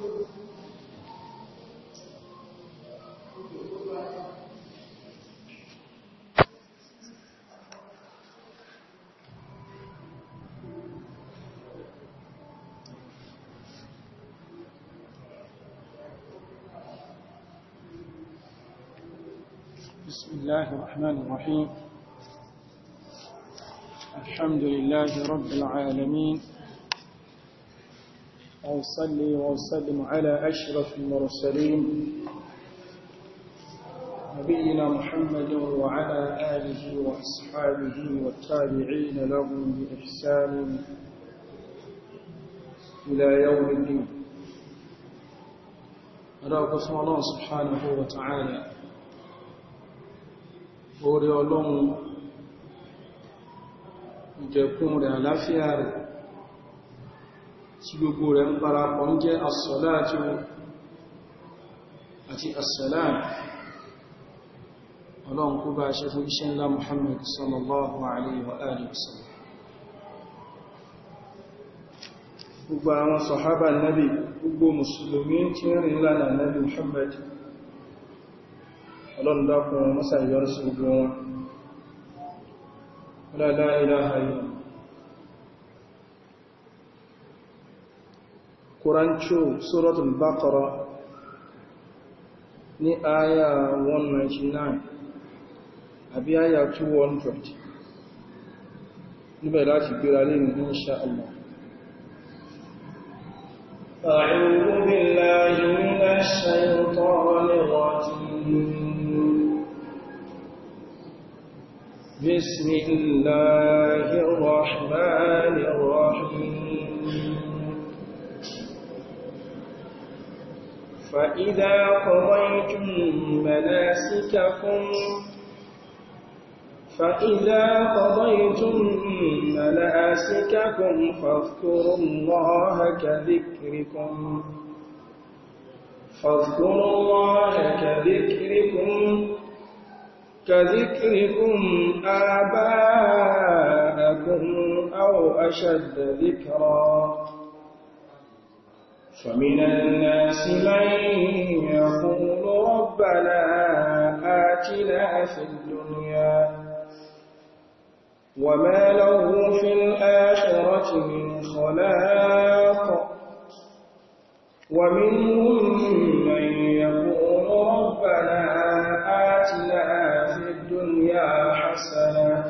بسم الله الرحمن الرحيم الحمد لله رب العالمين وأصلي وأسلم على أشرف المرسلين نبينا محمد وعلى آله وأصحابه والتابعين لهم بإحسان إلى يوم الدين ألا قسم الله سبحانه وتعالى أولي ألوم ìjẹ̀kún rẹ̀ àláfíà tí gbogbo rẹ̀ ń parapọ̀ ń jẹ́ as-salatu àti as-salam ọlọ́run kó bá ṣe fún iṣẹ́ ńlá Muhammad sallallahu alaihi wa alihi wasallam gbogbo àwọn sọ̀hábà nábi gbogbo mùsùlùmí tí ń rìn lánà nábi Muhammad ọlọ́run dákùn mọ́sàn yọrù sí Qurancho Surat al-Baqarah ní àyà 199 àbí àyà 200 níbẹ̀ láti gbéra lè ní insha Allah. أعوذ بالله من الشيطان الرجيم بسم الله الرحمن الرحيم فإذا قضيتم مناسككم فإذا قضيتم مناسككم فاذكروا الله كذكركم فاذكروا الله كذكركم كذكركم آباءكم أو أشد ذكرًا فمن الناس من يقول ربنا آتنا في الدنيا وما له في الآخرة من خلاق ومنهم من يقول ربنا آتنا في الدنيا حسنة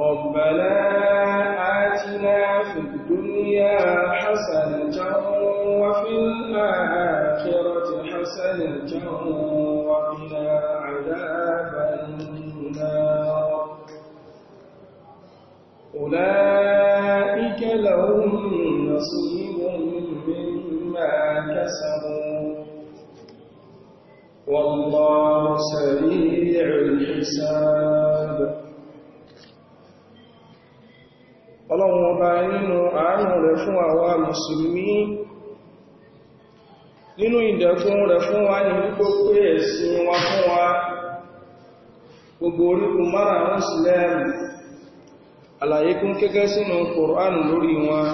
ربنا آتنا في الدنيا حسنة وفي الآخرة حسنة وقنا عذاب النار أولئك لهم نصيب مما كسبوا والله سريع الحساب ọlọ́run ọba nínú àánú rẹ̀ fún àwọn mùsùlùmí nínú ìdẹ̀kùn rẹ̀ fún wa ní púpọ̀ pé ẹ̀sìn wa fún wa gbogbo orígun márùn-ún sílẹ̀mù àlàyé kún kẹ́kẹ́ sínú kòránù lórí wọn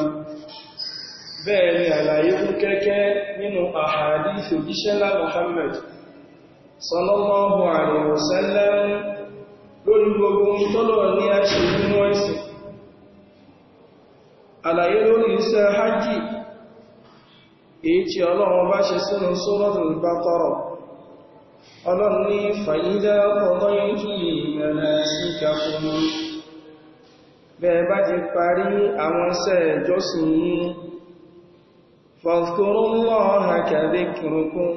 bẹ́ẹ̀ ni àlàyé kún kẹ́kẹ́ nínú àhàdísì gbogbo tọ́lọ̀ ní àlàyé lórí iṣẹ́ hajji èyí tí ọlọ́run bá ṣe sínú suratul Baqara ọlọ́run ní fàyídá sí bẹ́ẹ̀ bá ti parí àwọn iṣẹ́ ìjọsìn yìí فاذكروا الله كذكركم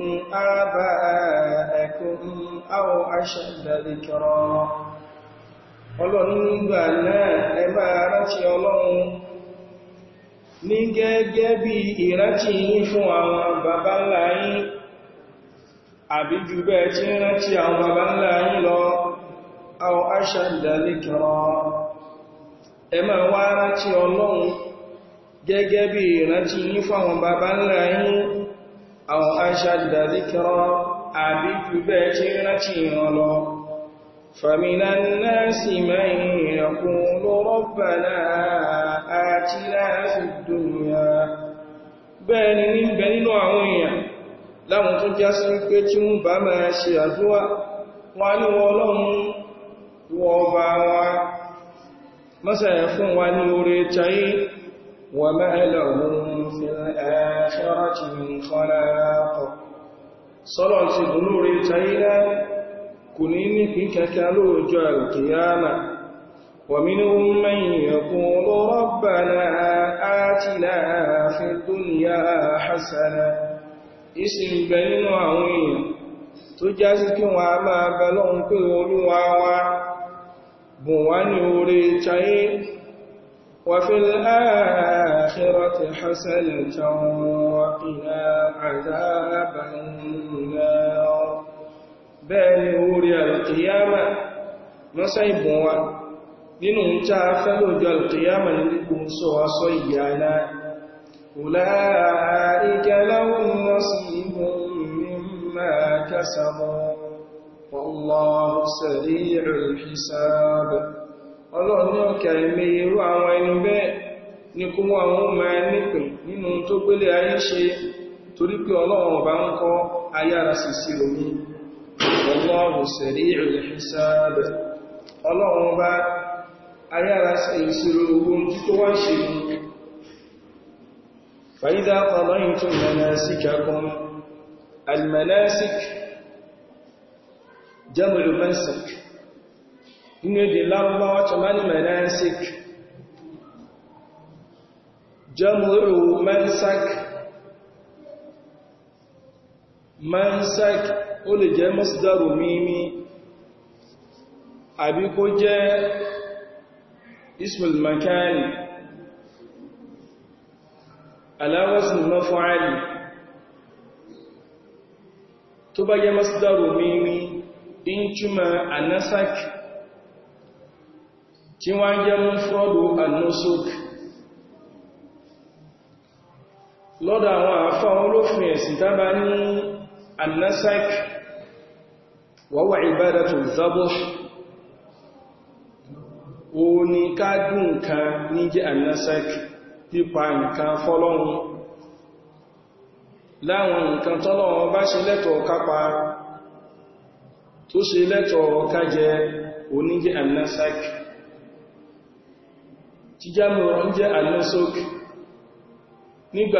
آباءكم أو أشد ذكرا ọlọ́run nígbà náà ọlọ́run ní gẹ́gẹ́ bí ìrántí yín fún àwọn bàbá ńlá yìí, àbí jù bẹ́ẹ̀ tí ń rántí àwọn bàbá ńlá yìí lọ àwọn aṣà ìdálẹ́kẹ̀ọ́ ẹ máa wá rántí ọlọ́run gẹ́gẹ́ bí ìrántí yín fún àwọn bàbá ńlá àwọn aṣà tí ń فمن الناس من يقول ربنا آتنا في الدنيا بل من بين وعوية لم تجسل كتم بما شيئتوا ولولهم وضعوا مسأل فوان يريتين وما لهم في الآخرة من خلاق صلاة بنور تيلان kò ní nípin kẹta lóòjọ́ alkiyama wa minhum man yaqulu rabbana atina fid dunya hasana ìsìn bẹ nínú àwọn èèyàn tó já sí kí wọ́n a máa bẹ lọ́hun pé olúwa wá ní وفي الآخرة حسنة وقنا bẹ́ẹ̀ ni owó rí alkiyama lọ́sọ́ ìbọn wa nínú ń tá a fẹ́ lójú alkiyama ní gbogbo ń sọ aṣọ ìyá náà ọ̀láàríkẹ́ láwọn lọ́sí ìbọn mímọ̀ kásàmọ́ Wallahu sari'ul hisab ní ọ̀kẹ́ ilé irú àwọn ẹni bẹ́ẹ̀ ní kó mọ́ àwọn ọmọ ẹnìpìn nínú tó gbélé ayé ṣe torí pé ọlọ́run ń kọ́ ayára sì والله سريع الحساب الله با ايا راس اي فاذا قضيتم مناسككم المناسك جمع منسك ان دي لاوا تمان مناسك جمع منسك mansak o lè jẹ́ masdaru mímí àbí kó jẹ́ ismul makani ala wazn maf'al tó bá jẹ́ masdaru mímí in túnmà annasak tí wọ́n jẹ́ mufradu annusuk lọ́dọ̀ àwọn àfáwọn olófin ẹ̀sìn tábà ní النسك وهو عبادة الذبح òní ká dùn nǹkan ní jẹ́ ànásẹ́k pípa nǹkan fọ́lọ́run láwọn nǹkan tọ́lọ́run bá ṣe lẹ́tọ̀ọ́ kápa tó ṣe lẹ́tọ̀ọ́ kájẹ òní jẹ́ ànásẹ́k jíjámọ̀ jẹ́ ànásẹ́k nígbà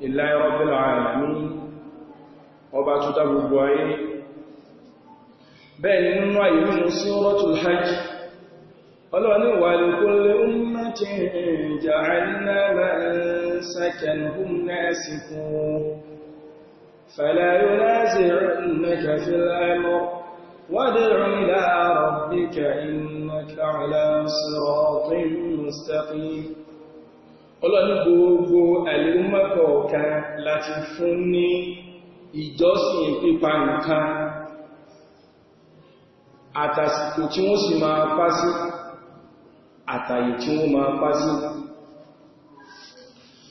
lillahi rabbil alamin ọba tó dá gbogbo ayé bẹ́ẹ̀ ni nínú ayé nínú suratul hajj ọlọ́ni wa li kulli ummatin ja'alna فلا ينازعنك في الأمر وادع إلى إنك على صراط مستقيم ọlọ́ni gbogbo àìlérúmọ́kọ̀ ọ̀kan láti fún ní ìjọsìn pípa nǹkan àtàsìkò tí wọ́n sì máa pásí àtàyè tí wọ́n máa pásí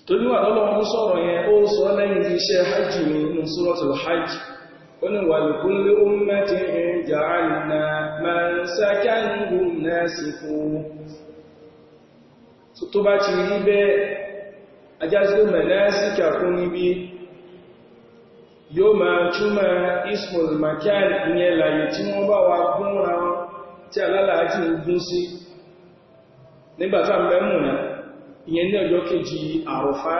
tó níwà lọ́lọ́wọ́n sọ̀rọ̀ yẹn ó sọ lẹ́yìn iṣẹ́ hajj nínú suratul hajj wani walikulli ummatin ja'alna man sakanihum nasifu tó bá ti rí bẹ́ẹ̀ ajásíkò mẹ́lẹ́síkà fún níbi yóò máa túnmọ̀ ismol makian ìyẹn láyé tí wọ́n bá wá gún ra wọn tí alálàájì ń gún sí nígbàtà náà ìyẹn ní ọjọ́ kejì àrọ̀fá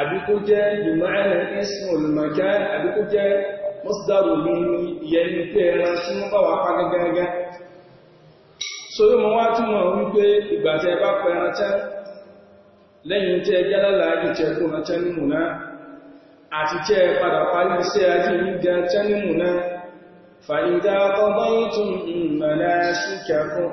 àbíkó jẹ́ ìmọ̀ẹ́nà ismol makian àbíkó jẹ́ ní ìyẹn ní tí wọ́n bá wá sórí mo wá túmọ̀ wípé ìgbà tẹ e bá pẹ ránṣẹ́ lẹ́yìn tí ẹ jálálà ájì tẹ ránṣẹ́ ní mùná àti tẹ padà parí iṣẹ́ ajé yìí ránṣẹ́ ní mùná فإذا قضيتم مناسككم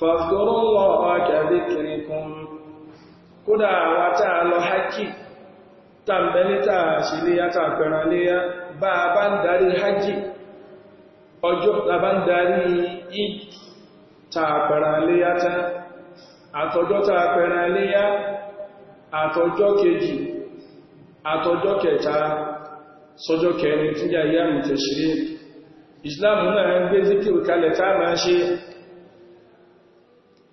fàkọrọ lọ ọkàbí kiri kún kódà àwà tá a lọ hajji tàbẹ̀lítà síléyà tàbẹ̀rànléyà bá a bá ń darí hajji ọjọ́ tàbá ń darí id tàbẹ̀rànléyà tán àtọjọ́ tàbẹ̀rànléyà àtọjọ́ kejì àtọjọ́ kẹta sọjọ́ kẹrin tí yà yà mìtẹ̀ṣirí islam a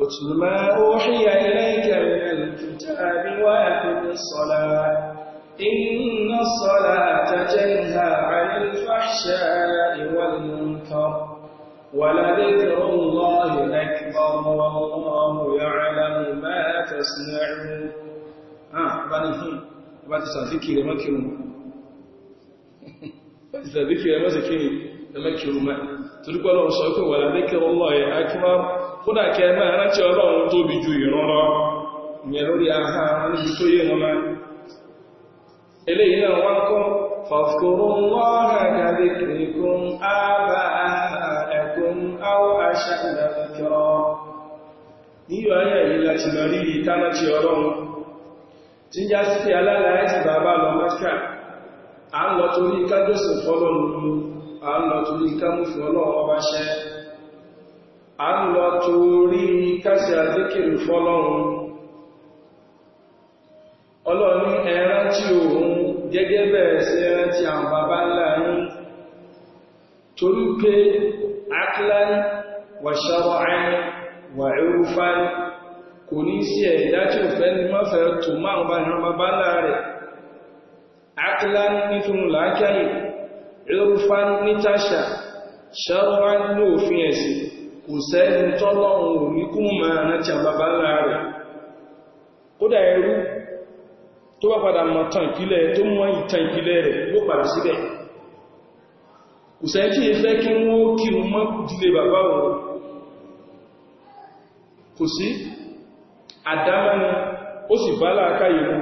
اتل ما أوحي إليك من الكتاب وأقم الصلاة إن الصلاة تنهى عن الفحشاء والمنكر ولذكر الله أكبر والله يعلم ما تصنعون ها آه، بعد ما تسافكي لمكرم ما تسافكي لمكرم لمكرم تلقى الله سأكون الله أكبر kódà kẹ máa rántí ọlọ́run tóbi ju ìrànlọ́ ìyẹn lórí aha níbi tó yé wọn náà eléyìí náà wá kọ́ fọ̀fọ̀rọ̀ wọ́nà gàdé kìrìkún àbá ẹ̀kún áwọ̀ àṣà ìdàkìrọ̀ níyọ̀ ayẹ̀ yìí láti lọ rí ọlọ́run tí já sí bàbá lọ à ń lọ torí ká fọ́lọ́run à ń lọ torí ká mú ọlọ́run ọba ṣẹ́ a ń lọ torí kásẹ̀ àdékèrè fọ́lọ́run ọlọ́ni ẹran tí òun gẹ́gẹ́ bẹ̀rẹ̀ sí ẹran tí àwọn bàbá ńlá yín torí pé aklan wà ṣàrọ̀án wà ẹrùfán kò ní sí ẹ̀dá tí ni mọ́fẹ́ tó máa ń bá ìran bàbá ńlá rẹ̀ kò sẹ́ni tọ́lọ́run ò kú ma rántí àbábá ńlá rẹ̀ kódà ẹrú tó bá padà mọ̀ tàn ìpìlẹ̀ tó mọ̀ ìtàn ìpìlẹ̀ rẹ̀ yóò padà síbẹ̀ kò sẹ́ni tí ìfẹ́ kí wọ́n kí wọ́n mọ́ dílé bàbá wọn kò sí àdámẹ́ni ó sì bá láàkáyè mú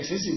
ẹ̀sìn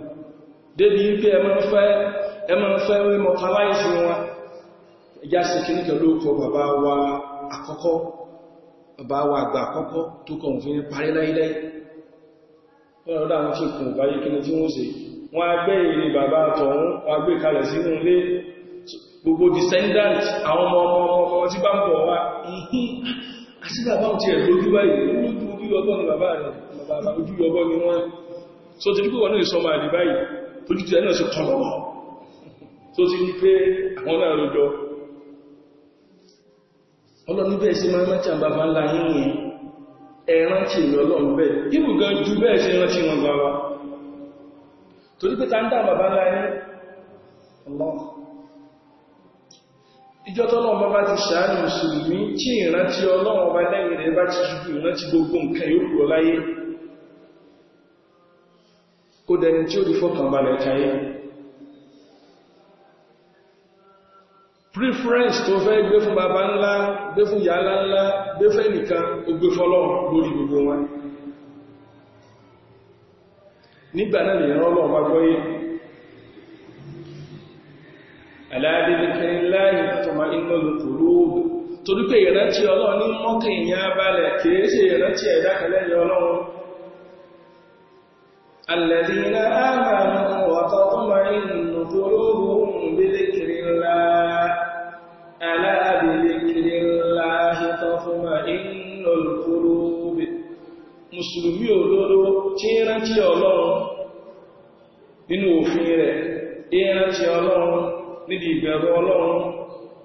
débi wípé ẹ máa ń fẹ́ ẹ máa ń fẹ́ rí mọ̀káláìsì wọn ẹjá sí kí ní kẹlú ọkọ̀ bàbá wa àkọ́kọ́ bàbá wa àgbà àkọ́kọ́ tó kàn fi parí láíláí wọ́n rọ́dá wọn fi kùn báyé kí ní tí wọ́n ṣe wọ́n agbé ìrìn bàbá tọ̀hún wọ́n agbé kalẹ̀ sínú ilé gbogbo descendant àwọn ọmọ ọmọ ọmọ tí bá ń bọ̀ wá àti bàbá ò ti ẹ̀ lójú báyìí lójú ọgbọ́n ni bàbá rẹ̀ bàbá ojú ọgbọ́n ni wọ́n so ti dípò wọn ní ìsọmọ àdìbáyìí tójútù ẹ̀ náà ṣe tó ti ní pé àwọn náà rọjọ ọlọ́run bẹ́ẹ̀ sí máa nla àbábá ńlá yìnyìn ẹ̀rántí ìlú ọlọ́run bẹ́ẹ̀ ibù gan ju bẹ́ẹ̀ sí rántí wọn tó ní pé ta ń dá bàbá ńlá yìí ìjọ bá ti tí ọba lẹ́yìn rẹ̀ bá ti gbogbo nǹkan yóò kúrò láyé ó dẹni tí ó rí fọ́kànbalẹ̀ káyé preference tó fẹ́ gbé fún baba ńlá gbé fún yàlá ńlá gbé fẹ́ nìkan ó gbé fọ́lọ́ lórí gbogbo wọn nígbà náà lè rán ọlọ́ọ̀bá gbọ́yé aláàdínlẹ́kẹrin láàrin tọmọ iná lòkòrò torípé ìrántí ọlọ́run ní mọ́kànlá balẹ̀ kìí ṣe ìrántí ẹ̀dá kẹlẹ́yìn ọlọ́run الذين آمنوا وتطمئن قلوبهم بذكر الله ألا بذكر الله تطمئن القلوب mùsùlùmí òdodo tí ń rántí ọlọ́run nínú òfin rẹ̀ ń rántí ọlọ́run níbi ìbẹ̀rù ọlọ́run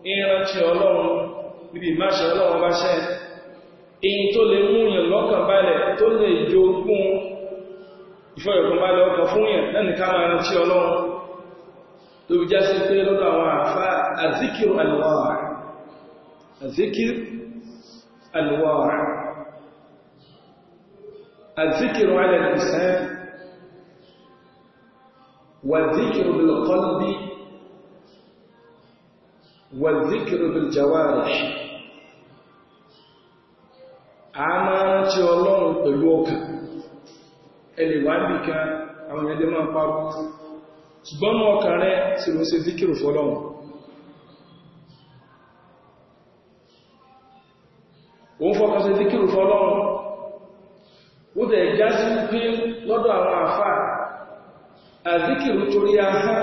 ń rántí ọlọ́run níbi ìmáṣẹ ọlọ́run ìfẹ́ ìkùnbalẹ̀ ọkàn fún yẹn lẹ́nu ká máa rántí ọlọ́run tó bí já sí pé lọ́dọ̀ àwọn àfá àzíkìrù alùwàwà àzíkìrù alùwàwà àzíkìrù alẹ́kùsẹ́ والذكر بالقلب والذكر بالجوارح àmá rántí ọlọ́run pẹ̀lú ọkàn ẹlẹ̀ wà ní kan àwọn ẹlẹ́ máa pàrọ̀ ṣùgbọ́n mọ́ ọkàn rẹ̀ sí ló ṣe díkìrò fọ́lọ́run òun fọ́kàn sí díkìrò fọ́lọ́run ó dẹ̀ já sí pé lọ́dọ̀ àwọn àfà àdíkìrò torí ahá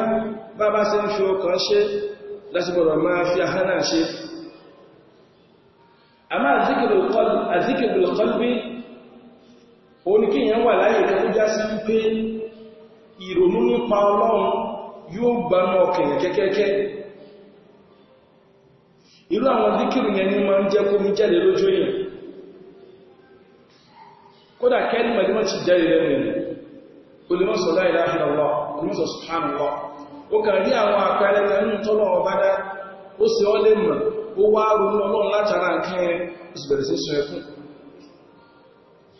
bábá sí ń fi ọkàn ṣe lásìbọ̀rọ̀ máa fi ahá náà ṣe àmá àdíkìrò qalbi oníkíyàn wà láyé kan tó já sí wípé ìrònú nípa ọlọ́run yóò gbanú ọkẹ̀yàn kẹ́kẹ́kẹ́ irú àwọn díkìrì yẹn ni máa ń jẹ́ kó mi jáde lójú èèyàn kódà kẹ́lì mẹ́lẹ́mọ́ ti jáde lẹ́nu olùmọ́sọ̀ láìláìláwọ̀ olùmọ́sọ̀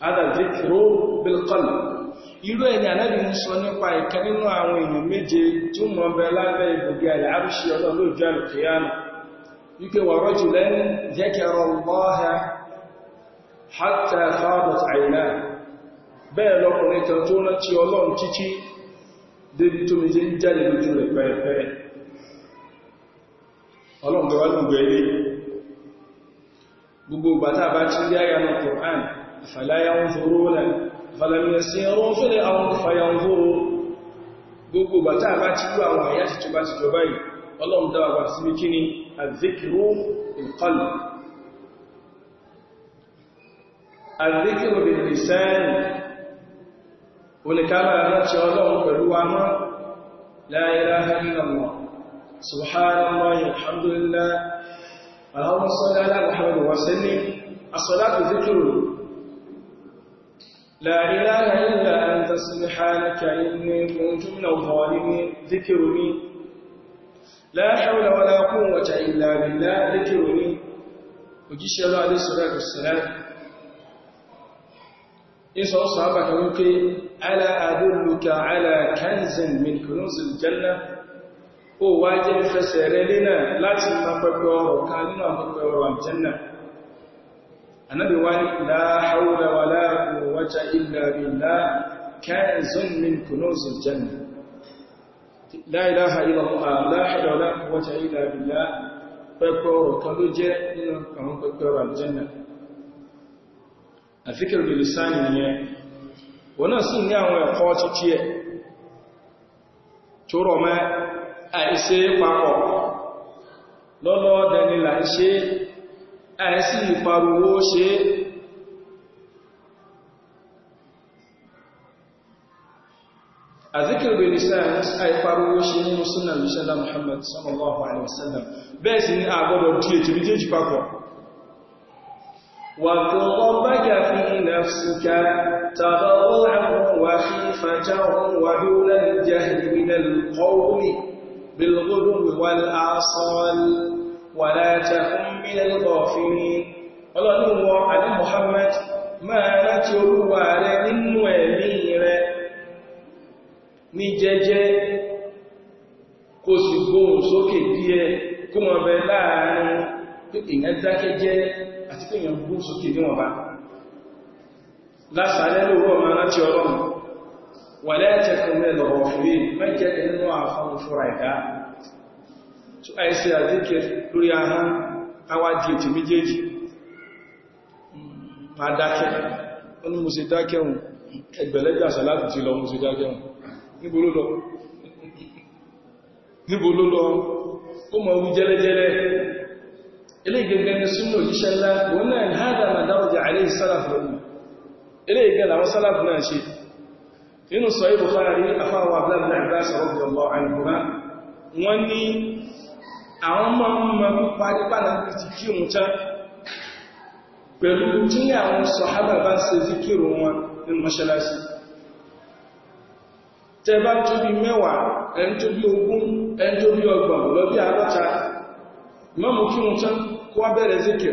هذا ذكر بالقلب irú ẹni ànábì ń sọ nípa ìkan nínú àwọn èèyàn méje tí ó mọ̀ bẹ lábẹ́ ibùgbé àlẹ́ àrùsí ọlọ́lọ́ ọlọ́run débi tó méje ń jáde lójú rẹ̀ pẹ́ẹ̀pẹ́ ọlọ́run gbogbo bàtà bá ti rí àyà náà فلا ينظرون فلم يسيروا في الأرض فينظروا gbogbo bàtà bá ti rú àwọn àyà ti tó bá ti jọba yìí ọlọ́run dáwà sí ní kí ni àzíkìrò ìkọlù àzíkìrò ìrìsẹ́ẹ̀nì olùkára rántí ọlọ́run pẹ̀lú wa mọ́ la ilaha illallah subhanallah alhamdulillah لا إله إلا أنت سبحانك إني كنت من الظالمين ذكرني لا حول ولا قوة إلا بالله ذكرني وجيش الله عليه الصلاة والسلام إنسى أصحابك ممكن ألا أدلك على كنز من كنوز الجنة أو واجب فسر لنا لا تسمى وكالنا وكاننا فكرة الجنة anábì wá ní la hawla wala quwwata illa billah kanzun min kunuzil janna la ilaha illallah la hawla wala quwwata illa billah pẹ́pẹ́ ọ̀rọ̀ kan ló jẹ́ nínú àwọn pẹ́pẹ́ ọ̀rọ̀ aljanna àfikẹ́ bilisani nìyẹn wọ́n náà sì ní àwọn ẹ̀kọ́ títí ẹ̀ tó rọ̀ mẹ́ ẹ̀ sì pariwo ṣe àzíkìrì bin islam àìpariwo ṣe nínú súnà lùsẹ́lá muhammad sallallahu alaihi wasallam bẹ́ẹ̀ sì ní àgbọ́dọ̀ tí ètò méjèèjì papọ̀ وَاذْكُرْ رَبَّكَ فِي نَفْسِكَ تَضَرُّعًا وَخِيفَةً وَدُونَ الْجَهْرِ مِنَ ولا تكن من الغافلين ọlọ́run wọ alẹ́ Muhammad máa láti orúwà rẹ nínú ẹ̀mí rẹ ní jẹ́jẹ́ kò sì gbóhùn sókè díẹ̀ kó mọ̀ bẹ láàárín èèyàn dákẹ́jẹ́ àti pé lọ̀rọ̀ fìrí mẹ́jẹ́ nínú àfọ́nfúra ìdá ẹsẹ̀ àdíkẹ lórí ahán awájí ètì méjèèjì ma hmm, dákẹ́ ó mo sì dákẹ́ hùn ẹgbẹ̀lẹ́gbẹ̀ ti lọ mo sì dákẹ́ níbo ló lọ ó mọ̀ wú jẹ́lẹ́jẹ́lẹ́ ilé ìgbẹ̀gbẹ̀ sọ afáwà àwọn ọmọ ọmọ pípa nípa náà ti kí òun tán pẹ̀lú tí àwọn sọ̀hábà bá ń ṣe zíkìrò wọn ní mọ́ṣálásí tẹba tó bí mẹ́wàá ẹn tó bí ogún ẹn tó bí ọgbọ̀n lọ bí àádọ́ta mọ́mù kí wọ́n tán kó wá bẹ̀rẹ̀ zíkìrò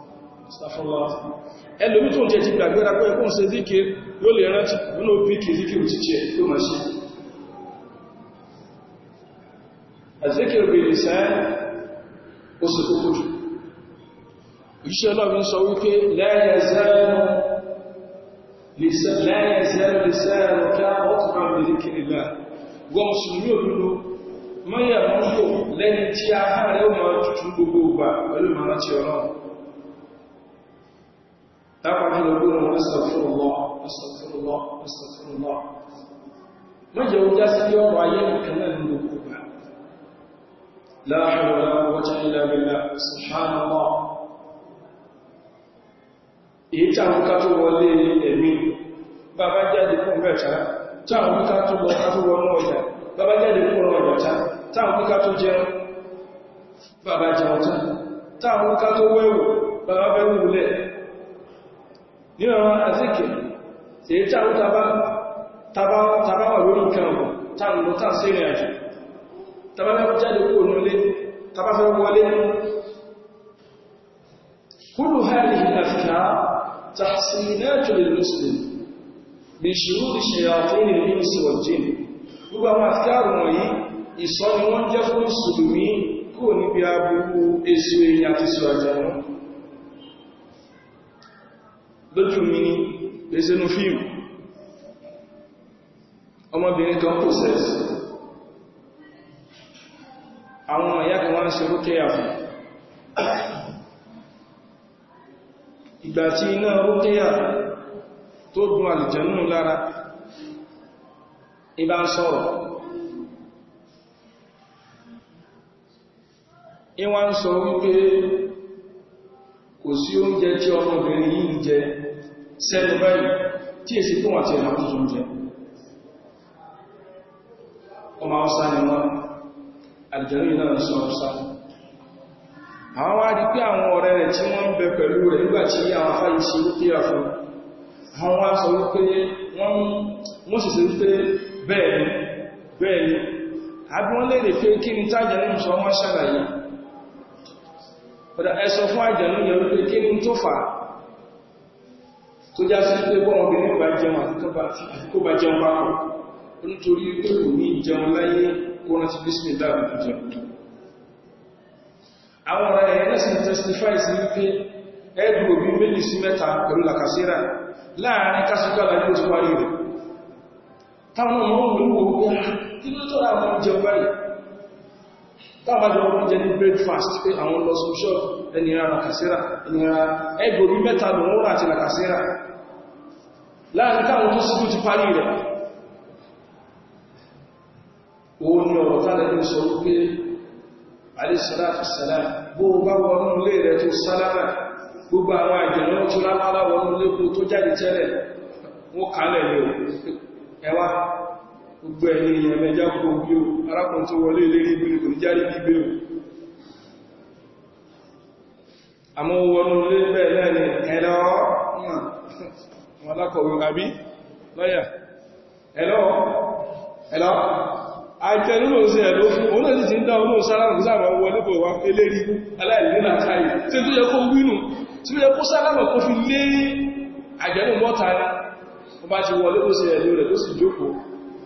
ẹlòmí tó ń jẹ ti gbàgbéra pé ẹkùn ṣe díkẹ yóò lè rántí nínú píkì díkẹ òtìjẹ tó máa ṣe àzíkẹ̀ òbèrè sáà ó sì kókó jù iṣẹ́ ọlọ́rin sọ wípé láyẹ̀ zẹ́rẹ̀ lẹ́sẹ̀rẹ̀ká ọkùnrin àmìlìkìrìlá wọ́n mùsùlùmí òlúlò mọ́yà mọ́lò lẹ́ni tí a hàn rẹ̀ ó máa tutù gbogbo ògbà pẹ̀lú mara tí ọlọ́run lápàdé lọ́gbọ́n wọn sàfúrùmọ́ sàfúrùmọ́ sàfúrùmọ́ mọ́jẹ̀ ó já sí ọrọ̀ ayé nìkan náà nínú kúgbà láàrín wọ́ta ìlàmìlà sàfánàmọ́ èyí táwọn ká tó wọlé ẹ̀mí bàbá jáde fún mẹ́ta táwọn ká tó lọ ká tó nínú àwọn àzíkì tí é jáwó tàbáwà lórí nǹkan ọ̀pọ̀ tàbí lọ tàbí sí ìrìn àjò tàbáwà jáde kúrò nílé tàbáfẹ́ wọlé kúrò hàrí àfikà tàṣínàjò lè muslim bí ṣirú ìṣẹ̀yàfẹ́ ìrìn ìsìwọ̀n jìn gbogbo àwọn àfikàrùn lójú mi ní lẹ́sẹ̀nú fíìmù ọmọbìnrin kan process àwọn ọmọ ìyá kan wá ń ṣe rókẹ́yà fún ìgbà tí iná rókẹ́yà tó gún àlìjẹ̀nú lára ibá ń sọ̀rọ̀ ìwọ́n ń sọ wípé kò sí oúnjẹ tí sẹ́nu báyìí tí èsì fún àti ẹ̀nà tó tún jẹ ọmọ ọsá ni wọ́n àjẹ́rù ìlànà sọ ọsá àwọn wá rí pé àwọn ọ̀rẹ́ rẹ̀ tí wọ́n ń bẹ pẹ̀lú rẹ̀ nígbàtí àwọn afáyí sí kíra fún àwọn wá sọ wípé wọ́n tó já sí pé bọ́n obìnrin bá jẹun àti kó bá jẹun papọ̀ nítorí pé kò ní jẹun láyé kó rántí bísmì dáàbò tó jẹun àwọn ọ̀rọ̀ ẹ̀yẹ lẹ́sìn testify sí wípé ẹ̀dùn òbí méjì sí mẹ́ta pẹ̀lú làkàsíra láàárín kásíkà láyé ó ti parí rẹ̀ táwọn ọmọ òun ló wò tábàjọ wọ́n jẹ ní breakfast pé àwọn lọ sí ṣọ́ ẹniyàn làkàsíra ẹniyàn ẹgbòrí mẹ́ta lò wọ́n rà ti làkàsíra láàrin tó síkú ti parí rẹ̀ òun ni ọ̀rọ̀ tánàlẹ́ sọ wípé alẹ́sàláàtù sàláà bó gbogbo gbogbo ẹ̀yìn ìyẹn mẹ́já kó bí o arákùn tó wọlé lérí ibi kò ní járí o àmọ́ wọnú lé bẹ́ẹ̀ lẹ́ni ẹ̀lọ́ wọn lákọ̀wé àbí òun náà ti ń dá olóò sálámù sáàmà wọlé bọ̀ wá káyì tí yẹ kó wínú tí ó yẹ kó fi lé ọba ti ẹ̀lú rẹ̀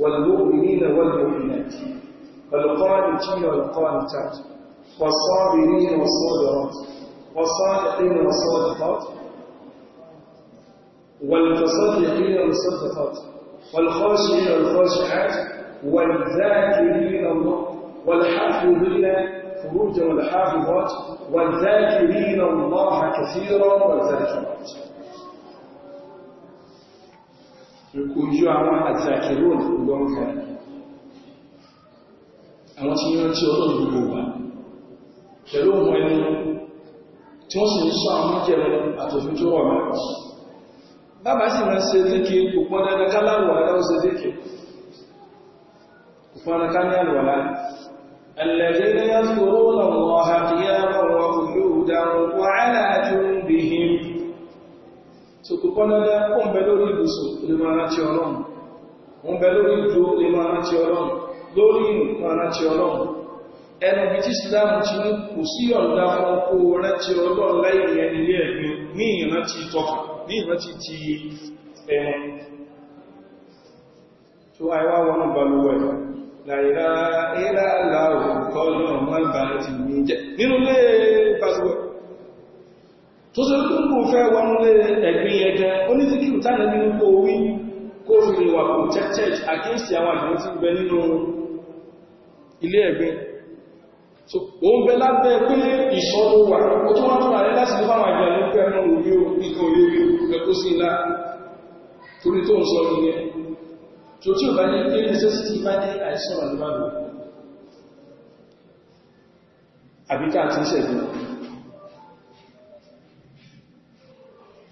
والمؤمنين والمؤمنات والقانتين والقانتات والصابرين والصابرات والصادقين والصادقات والمتصدقين والمصدقات والخاشعين والخاشعات والذاكرين الله والحافظين فروج والحافظات والذاكرين الله كثيرا والذاكرات ojú àwọn àti àkẹrò ìgbọ́n kan àwọn tí yíran tí ọlọ́run gbogbo wà pẹ̀lú ọmọ ẹni tí wọ́n sì ń sọ àwọn jẹ́rọ àtòfin tó rọ̀ mẹ́rin bàbá sì máa ṣe dékè òpó dandan aláwọ̀ ṣe dékè so kò pọ́n lẹ́lẹ́ ó ń bẹ lórí ìbùsùn lè máa rántí ọlọ́run ó ń bẹ lórí ìdó lè máa rántí ọlọ́run lórí ìrìn máa rántí ọlọ́run ẹnu bí tí islam ti ní kò sí ọ̀dá fún kó rántí ọlọ́run láì ẹni ilé ẹ̀gbin ní ìrántí tọ́ka ní ìrántí ti eh, ẹnu tó ṣe tó mú fẹ́ wọnúlé ẹ̀gbìn ẹ̀dẹ́ oníṣíkìrù tánà nínú kó orí kó fi lè wà kò church against àwọn àjọ tí ń bẹ nínú ilé ẹ̀gbìn so o ń bẹ lábẹ́ pé ìṣọ́rọ̀ wà ó tó wọ́n tó rà rẹ láti lè fáwọn àjọ ló fẹ́ mọ́ orí o nǹkan orí rí o ẹkó sí ńlá torí tó ń sọ nìyẹn tó tí ò bá ní pé necessity bá ní àìsàn àdúgbò àbíká àti ìṣẹ̀gbìn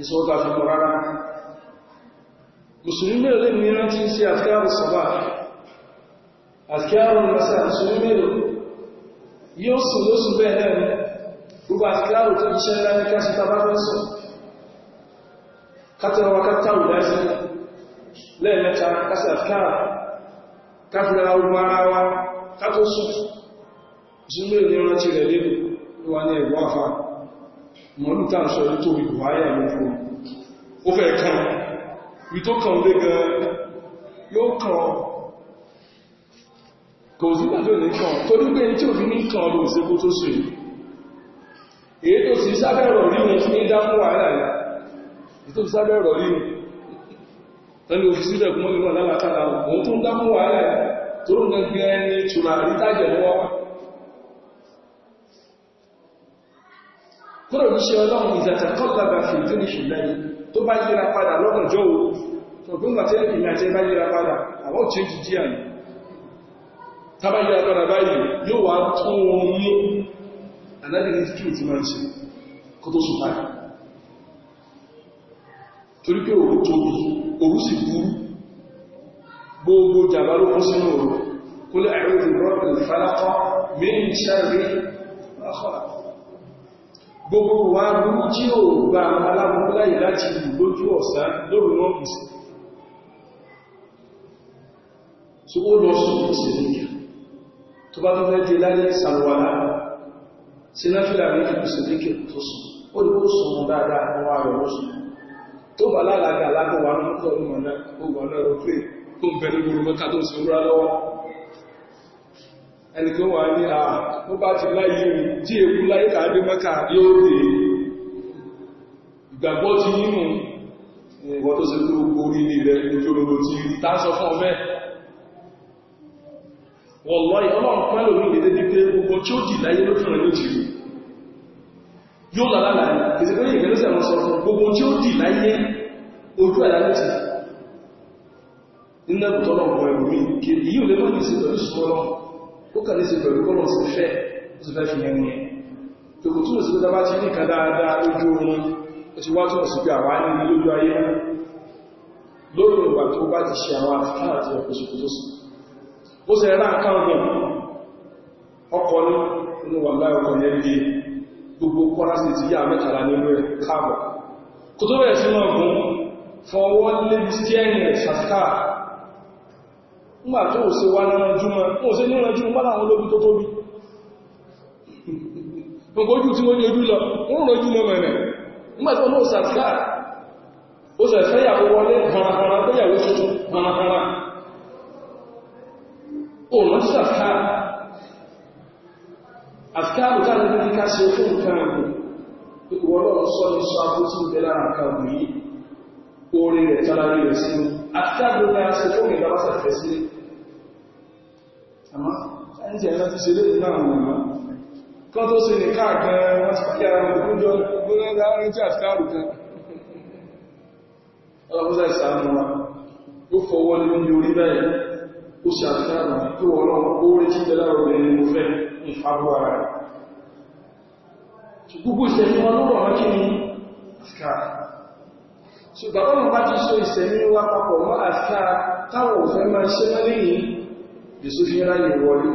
ìsọ́ta àtàkù rárá musulmi mẹ́rin lè ní rántí sí àtikáàrù sọ́bà àtikáàrù masá musulmi mẹ́rin yóò sùn ló sùn bẹ́ẹ̀ su ní gbogbo àtikáàrù tó jíṣẹ́ ńlá ní káṣíta bá fẹ́ sọ kátàwà kátàwù dáṣí lẹ́ẹ̀mẹ́ta kásì àtikáàrù káfíra ogun ara wa kátó sùn musulmi mẹ́rin rántí rẹ̀ lérò mọ̀lútà sọ yí tó wípò ayà lójú ó fẹ́ kan wí tó kàn lé gan yóò kàn kò sí pàtó ní kàn tó nígbé tí ò fi ní kàn ló ìsẹ́kó tó sì èyí tó sì sábẹ̀rọ̀ ríun ní dámú wàhálà rẹ̀ tó sì sábẹ̀rọ̀ ríun kúrò níṣẹ́ ọlọ́run ìzàtàkọ́gbàgbà fìdí nìṣìlẹ́yìn tó bá yíra padà lọ́gànjọ́ ọgbọ́n àti ìrìn àti ẹbá yíra padà àwọn ò change díà ní tàbá yíra padà báyìí yóò wá tún wọn mú anábìnrin títù tí máa ń ṣe kó gbogbo wa burú tí ó gba àwọn aláburú láyé láti lù lójú ọ̀sá lórí wọn kì sí tí ó lọ sùn sí níyà tó bá tó fẹ́ di lálẹ́ sàrọ̀wàlá sí náfíà ní ìlú sí níkẹ̀ tó sùn ó lè kó sùn dáadáa àwọn ààrẹ lọ́sùn tó bá lálàgà lágbọ̀wà ń kọ́ ìmọ̀ná ogun ẹni tó wà ní à ó bá ti láyé rí tí èkú láyé tàbí mẹ́ka yóò dé ti nínú ìwọ́n tó ṣe tó gorí ní rẹ̀ ti tásọ fún ọmẹ́ wọ̀lọ́yìn ọlọ́run pẹ́lú ní ìdẹ́dẹ́ dípé gbogbo pé gbogbo tí ó dì láyé ó kàn ní ṣe pẹ̀lú kọ́lọ̀ sí fẹ́ sí fẹ́ fi yẹn yẹn tòkù túnmọ̀ sí pẹ́ta bá ti ní kan dáadáa lójú orin ó ti wá túnmọ̀ sí pé àwa ní lójú ayé náà lórí ìgbà tó bá ti ṣe àwọn àfikán àti ọkọ̀ ṣòkòtò sí ó sì rẹ̀ láǹkà ọgbọ̀n ọkọ̀ ní inú wà láì ọkọ̀ yẹn di gbogbo kọ́lásì ti yá mẹ́tàlá nínú ẹ̀ káàbọ̀ kò nígbà tó ò se wá níranjú mọ́ ó se níranjú mọ́ láwọn olóbi tó tóbi gbogbo ojú tí wọ́n ní ojú lọ wọ́n rọjú mọ́ mẹ́rẹ̀ nígbà tó ló sàtíkà ó sẹ̀ fẹ́yàwó wọlé harakara fẹ́yàwó tuntun harakara ó lọ sàtíkà àfikáàrù tá ní kíká sí fún nǹkan àgbò wọ́lọ́rọ̀ sọ ní sọ abó tí ń bẹ sí fún ìdáwásà fẹ́ sílé àmọ́ ẹni tí ẹ̀lá ti ṣe lóòrùn náà wọ̀n mọ́ kọ́ tó ṣe lè káàkiri wọ́n ti kí ara wọn lójọ gbọ́nà láàrin tí àfikàrù kan ọlọ́pọ̀sá ìsànú wa ó fọwọ́ lórí orí bẹ́ẹ̀ ó ṣe àfikàrù tó wọ́n lọ́wọ́ ó rí tí tẹ́lá obìnrin mo fẹ́ ṣùgbọ́n wọn bá ti ṣe ìṣẹ̀mí wa papọ̀ mọ́ àfikàrù táwọn òfẹ́ máa ṣe mọ́ lẹ́yìn èso fi ráyè wọlé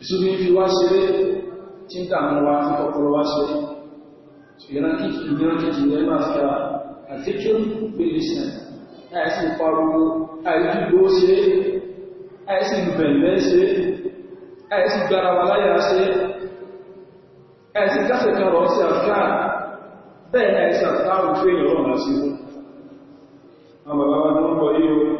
èso fi ń fi wá ṣeré tí ń dàmú wa fi ọpọlọ wá ṣeré ìran kìkì ìran kìkì ní ẹgbà fi ra àtẹ́kẹ́ pé lẹ́sìn àìsí ìparúgbó àìsí gbó ṣeré àìsí ìbẹ̀lẹ̀ ṣeré àìsí gbára wa láyà ṣeré àìsí káfẹ́ kan rọ̀ sí àfíà bẹ́ẹ̀ ni àìsí àfíà òfin ìrọ̀rùn àṣírí àwọn bàbá wa ni wọ́n bọ̀ yìí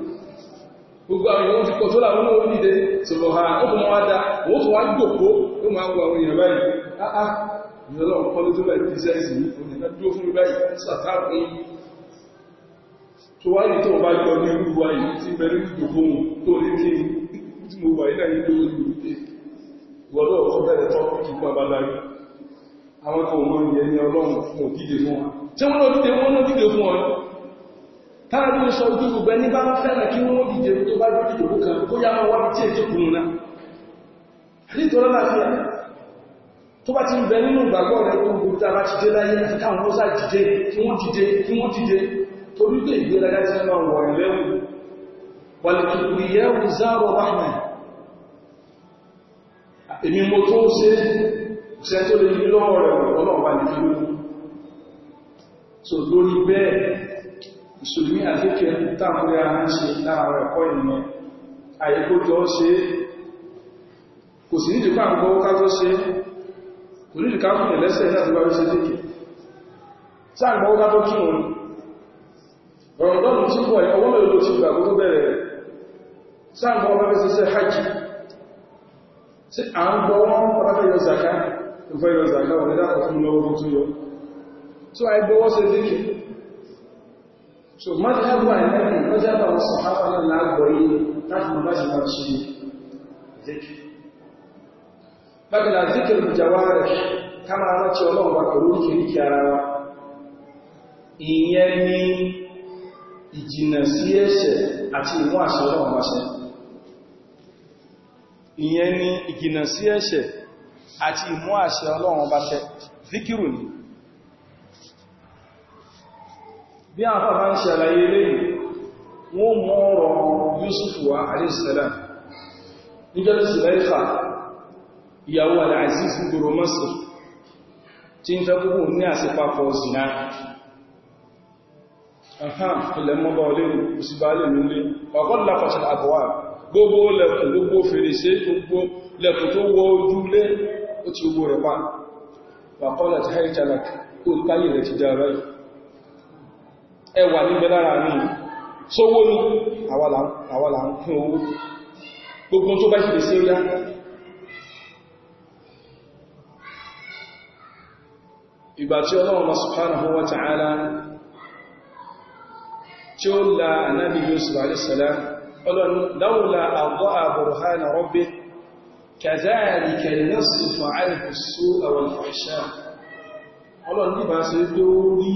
gbogbo àwọn èèyàn ti kọ̀tọ́lá wọn ó nílé sọ̀rọ̀ ha ó fún wọn dá wọ́n tó wá gbòkó ó máa wọ àwọn èèyàn báyìí áá ah, ah, ìrọlọ́run kọ́ ló tó bẹ̀rẹ̀ bíṣẹ́sì yìí fún ìrìnà dúró fún báyìí sàtàkì tó wáyé tó bá jọ ní irú wa yìí tí bẹ̀rẹ̀ gbòkó wọn tó lé kí tí mo wà nílẹ̀ yìí lórí ìrùté wọ́lọ́ ọ̀kọ́ bẹ̀rẹ̀ tó kí kú abáláyé àwọn kan mọ́ ìyẹn ní ọlọ́run fún òdíde fún wa tí wọ́n lọ díde fún ọ táàrí sọ ojú gbogbo ẹni bá ń fẹ́ràn kí wọ́n dìde tó bá lórí ìdòwò kan kó yá máa wábi tí ètò kùnrin náà nítorí láàáfíà tó bá ti ń bẹ nínú ìgbàgbọ́ rẹ̀ gbogbo tí a bá ti dé láyé àti káwọn ó sáà dìde kí wọ́n dìde kí wọ́n dìde torí pé ìgbéraga ti ń wọ̀ ìlẹ́wù wàlùkùnrin yẹ́wù záró ráhùn èmi mo tó ṣe ṣẹ́ tó lè ní lọ́wọ́ rẹ̀ ọlọ́ọ̀bá so lórí bẹ́ẹ̀ mùsùlùmí àtíkẹ́ táàmúrẹ́ ara ń ṣe láàrẹ ẹ̀kọ́ ìyẹn àyíkójọ́ ṣe kò sí nídìí pàà ń gbọ́ kájọ́ ṣe kò nídìí káàkùn ẹ̀lẹ́sẹ̀ láti wáyé ṣe díkẹ̀ sáà gbọ́ kájọ́ kí wọn rọ̀rọ̀lọ́nù tí wọ́n ọwọ́ lòlò ti gbà gbogbo bẹ̀rẹ̀ rẹ̀ sáà gbọ́ bá fẹ́ ṣiṣẹ́ hajj tí à ń gbọ́ wọn bá fẹ́ yọ zaka ìfẹ́ yọ zaka wọn nígbà kan fún lọ́wọ́ tó yọ tí wọ́n gbọ́wọ́ ṣe díkẹ̀ so madhhabu anabi madhhabu àwọn sahaba náà lágbọ̀ yìí láti mọ̀ bá máa ṣe zikir bákan náà zikir jawari ká máa rántí ọlọ́run pẹ̀lú oríkèríkè ara wa ìyẹn ni ìjìnà sí ẹ̀ṣẹ̀ àti ìmú àṣẹ ìyẹn ni ìjìnà bí a fà bá ń ṣàlàyé lẹ́yìn wọ́n mọ́ ọ̀rọ̀ Yusuf wa alaihissalam níjọ́ tí Sulaikha ìyàwó Al-Aziz gbòrò Masr tí ń fẹ́ púpọ̀ ní àsìpapọ̀ zina ahán ilẹ̀ mọ́bà olèrò òsìbá alẹ́ nílé ọgọ́lá pàtàkì àbọ̀wà gbogbo lẹ́kùn gbogbo fèrèsé gbogbo lẹ́kùn wàkọ́lá ti haìtàlá kó táyì rẹ̀ ti dára yìí ẹwà níbẹ̀ lára mi sówó ní àwàlà ń fún owó gbogbo tó bá ṣe lè séríá ìgbà tí ọlọ́run subhanahu wa ta'ala tí ó la anábi Yusuf alayhi salam ọlọ́run láwùlá àwọ́ àbùrùhánà rọ́bí كذلك نصف عنه السوء والفحشاء ọlọ́run ní bá ṣe lórí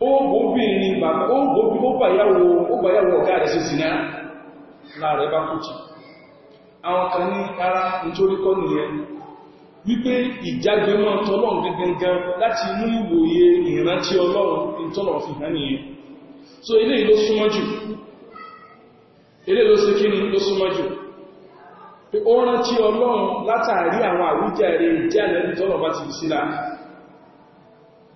obìnrin bàbá ó gbàyàwó ọ̀gá rẹ̀ sí síná láàrẹ bá kùtù ara wípé ìjágbémọ́ tọ́lọ́run gẹ́gẹ́gẹ́ láti inú ìwòye ìrántí ọlọ́run tọ́lọ́run fi hàn nìyẹn so ilé ló súnmọ́ jù ilé ni ló súnmọ́ jù pé ó rántí ọlọ́run látàrí àwọn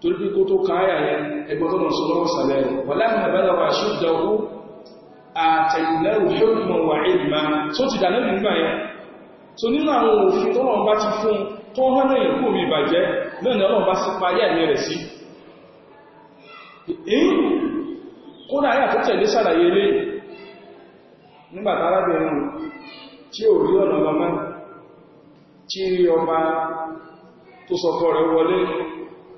torí pé kó tó káyà yẹn ẹgbọ́n tó sọ lọ́wọ́ sàlẹ̀rù walamma balagha ashuddahu ataynahu hukman wa ilma tó ti dànà nígbà yẹn so nínú àwọn òfin tó lọ́wọ́ bá ti fún ni ọlọ́wọ́ bá sí parí ẹ̀mí rẹ̀ sí kódà ayà tó tẹ̀lé sàlàyé lé nígbàtà arábìnrin tí ò rí ọ̀nà lọ́mọ́ tí ọba tó sọkọ rẹ̀ wọlé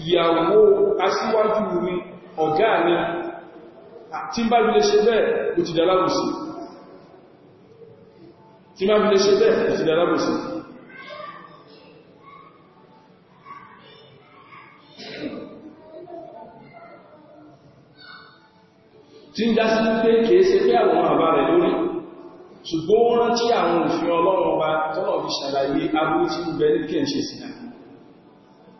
ìyàwó asíwájú mi ọ̀gá mi tí ń bá bí lè ṣe bẹ́ẹ̀ ó ti dálábòsí tí ń bá bí lè ṣe bẹ́ẹ̀ ó ti dálábòsí tí ń já sí pé kìí ṣe pé àwọn àbá rẹ̀ lórí ṣùgbọ́n rántí àwọn òfin ọlọ́run ọba tọ́lọ̀ fi ṣàlàyé agbó tí ń bẹ ní kí ẹ̀ ṣe sí náà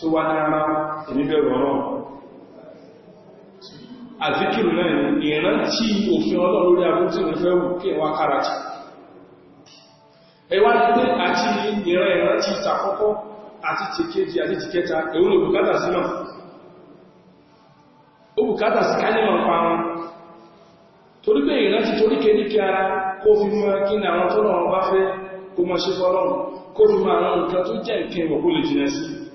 tó wá ní ara èmi bẹ̀rù ọ̀rọ̀ àzíkìrù náà ìrántí òfin ọlọ́run lórí abúntí ní fẹ́ wù kí ẹwà káràtì ẹwà ní pé àti ìran ìrántí ìtàkọ́kọ́ àti tìkejì àti tìkẹta èwọ́n òbùkátà sí náà òbùkátà sí kánìmọ̀ pa wọn torí pé ìrántí torí kéríkẹ́ ara kó fi mọ́ kí ní àwọn tọ́lọ̀ wọn bá fẹ́ kó mọ́ ṣe fọ́lọ́run kó fi mọ́ àwọn nǹkan tó jẹ́ ìkẹ́ ìwọ̀kó lè jìnà sí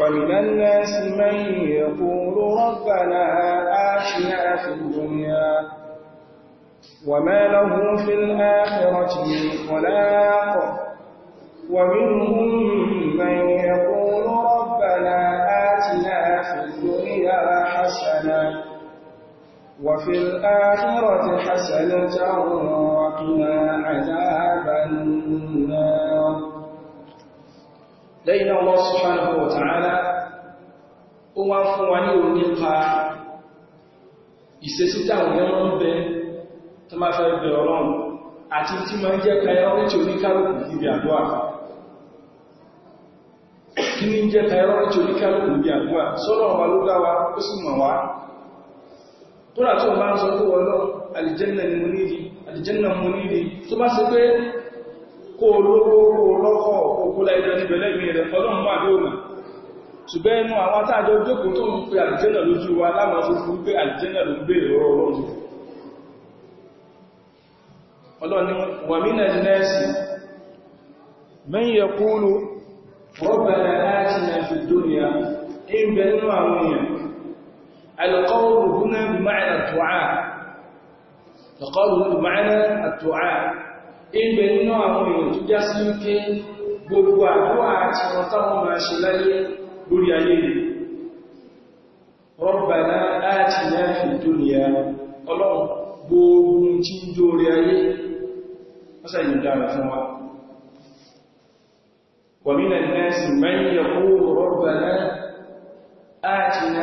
ومن الناس من يقول ربنا آتنا في الدنيا وما له في الآخرة من خلاق ومنهم من يقول ربنا آتنا في الدنيا حسنة وفي الآخرة حسنة وقنا عذاب النار lẹ́yìn náà Allah subhanahu wa ta'ala ó wá fún wa ní òun nípa ìṣesí táwọn èèyàn máa ń bẹ tó máa fẹ́ bẹ ọlọ́run àti tí máa ń jẹ́ priority oníkálùkù níbi àdúrà kí ní jẹ́ priority oníkálùkù níbi àdúrà sọ́rọ̀ wa ló dáwà ó sì mọ̀ wá tó rà tó bá ń sọ pé kó olówó kó lọ́kọ̀ òkú lẹ́ẹ̀dẹ́ níbẹ̀lẹ́ mi rẹ̀ ọlọ́run wà ní òmà àwọn tààjọ jókòó tó ń pe àlìjẹ́nà lójú wa láwọn fúnfún pé àlìjẹ́nà ń na àtùwà ibẹ̀ nínú àwọn èèyàn ike gbogbo àdúrà àti wọn táwọn máa ṣe láyé lórí ayé rẹ̀ Rabbana atina gbogbo tí ń jó orí ayé ọ́sà yìí fún wa wa minan nasi man yaqulu Rabbana atina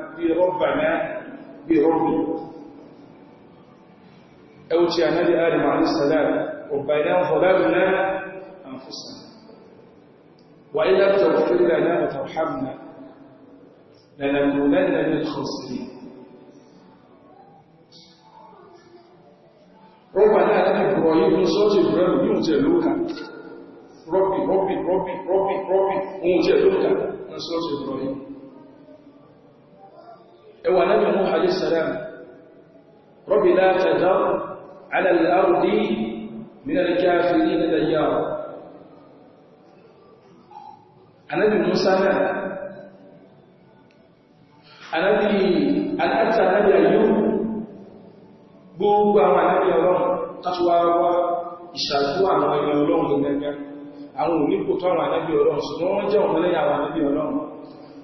في ربع ماء في ربع أو نبي آل عليه السلام ربيناهم ظلمنا أنفسنا وإلا توفر لنا وترحمنا لنكونن من الخاسرين ربنا أن إبراهيم من صوت إبراهيم يوجد ربي ربي ربي ربي ربي يوجد من صوت إبراهيم ẹwà náà mú alẹ́sàrán rọ́bì látàdá alàlárùdí mìíràn káfí ní dayáwó anábì musa náà anábì aláta anábì ayú gbogbo àwọn anábì ọlọ́run tàtúwárọwá ìṣàtú àwọn ẹni ọlọ́run gẹ́gẹ́ àwọn ònípò tọ́rọ anábì ọlọ́run ṣùgbọ́n wọ́n jẹ́ ọmọlẹ́yà àwọn anábì ọlọ́run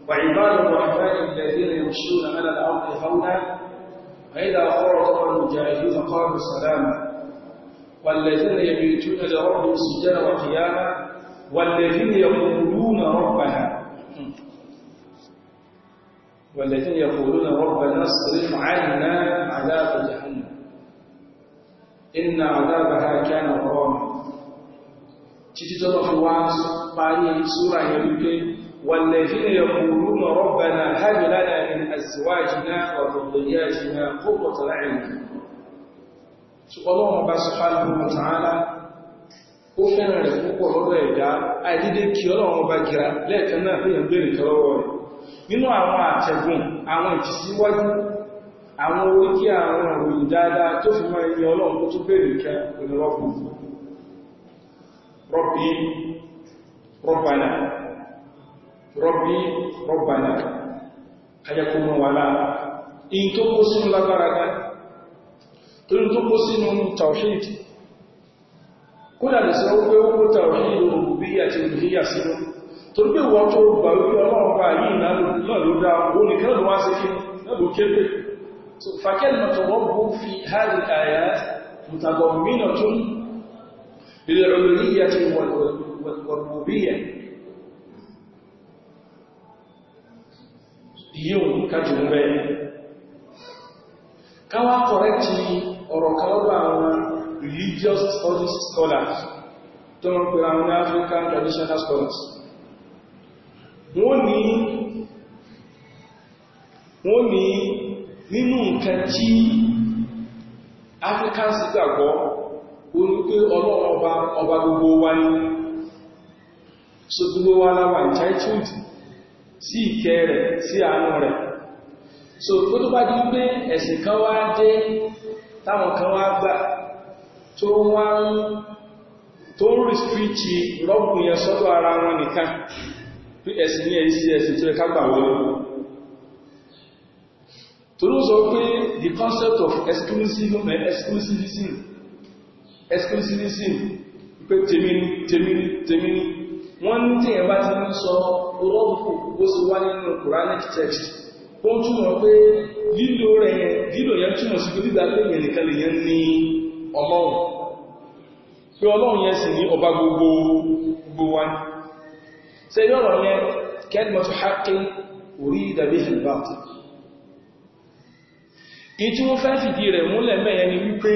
وعباد الرحمن الذين يمشون على الأرض هونا فإذا خرجوا المجاهدين قالوا سلاما والذين يبيتون لربهم سجدا وقياما والذين يقولون ربنا والذين يقولون ربنا اصرف عنا عذاب جهنم إن عذابها كان غراما تجد الله سبحانه وتعالى سورة يبيتون والذين يقولون ربنا هب لنا من أزواجنا وذرياتنا قرة أعين Ọlọ́run ọba subhanahu wa ó fẹ́ràn rẹ̀ púpọ̀ lọ́rọ̀ ẹ̀dá àìdídé kí ọlọ́run ọba gira lẹ́ẹ̀kan náà fẹ́yàn bèèrè tọ́lọ́wọ́ rẹ̀. Nínú àwọn àtẹ̀gùn, àwọn ìtìsíwájú, àwọn oríkí àwọn òròyìn dáadáa tó fi máa yẹ ọlọ́run rọ́bí rọ́bàná ayakúnmọ́ wà láà in tó kó sínú lágbára náà torí tó kó sínú tawhid kódà lè sọ pé ó kó tawhid olùbíyà ti olùbíyà sínú torí pé wọ́n tó gbà wípé ọlọ́run bá yìí náà في هذه الآيات yíò kájù ń bẹ́ káwà kọ̀rẹ́kì ọ̀rọ̀ kalọ́gbà religious studies scholars tó ń pè àwọn African traditional scholars wọ́n ní wọ́n ní nínú nǹkan tí Africans gbàgbọ́ olùgbé ọlọ́ọ̀ọba ọba gbogbo wa ní so gbogbo wa láwà ìtàìtìlì sí ìkẹ́ rẹ̀ sí àánú rẹ̀ so kó tó bá jí pé ẹ̀sìn kan wá dé táwọn kan wá gbà tó wá ń tó ń rìstíríkì rọ́bù yẹn sọ́dọ̀ ara wọn nìkan pí ẹ̀sìn ní ẹ̀sìn ẹ̀sìn tó ẹ̀ká gbà wọlé tó ló sọ pé the concept of exclusivism exclusivism exclusivism pé tèmi tèmi tèmi wọ́n ní tí ẹ̀ bá ti ń sọ rọ́bù bó ṣe wá nínú Quranic text ó ń túmọ̀ pé lílo rẹ̀ lílo yẹn túmọ̀ sí pé dídá pé yẹn nìkan lè yẹn ní ọlọ́run pé ọlọ́run yẹn sì ní ọba gbogbo gbogbo wa ṣe yọ̀rọ̀ yẹn kẹ́lìmọ̀tò hákí orí ìdàbí ìbáàtì ìtí wọ́n fẹ́ fìdí rẹ̀ múlẹ̀ mẹ́yẹ ni wípé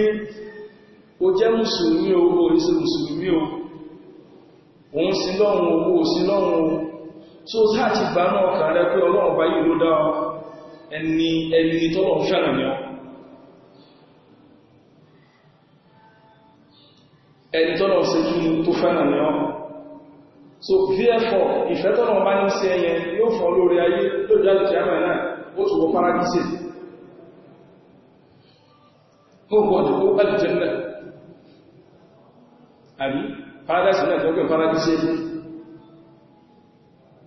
o jẹ́ mùsùlùmí owó orísẹ̀ mùsùlùmí o òun sí lọ́run owó sí lọ́run so sáà ti bá náà ọkàn rẹ pé ọlọ́run bá yìí ló dá ọ ẹni ẹni tọ́lọ̀ ń ṣàlàyàn ẹni tọ́lọ̀ tó so therefore ìfẹ́ tọ́lọ̀ bá ní sí ẹyẹn yóò fọ́ lórí ayé lórí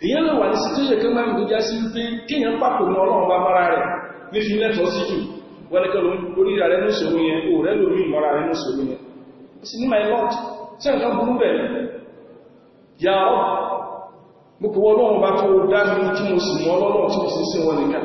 èyàn lè wà ní situation kan máa ń gbójá sí wípé kíyàn pàpò ní ọlọ́run bá mara rẹ̀ ní fi lẹ́tọ̀ọ́ sí jù wẹ́lẹ́kẹ́ orí rẹ̀ ní ìṣòro yẹn ó rẹ̀ lórí ìmọ́ra rẹ̀ ní ìṣòro yẹn ó sì ní my lord tí ẹ̀kan burú bẹ̀ yà ọ́ mo kò ọlọ́run bá tó dá mi tí mo sì mọ́ ọlọ́run tí mo sì sí wọn nìkan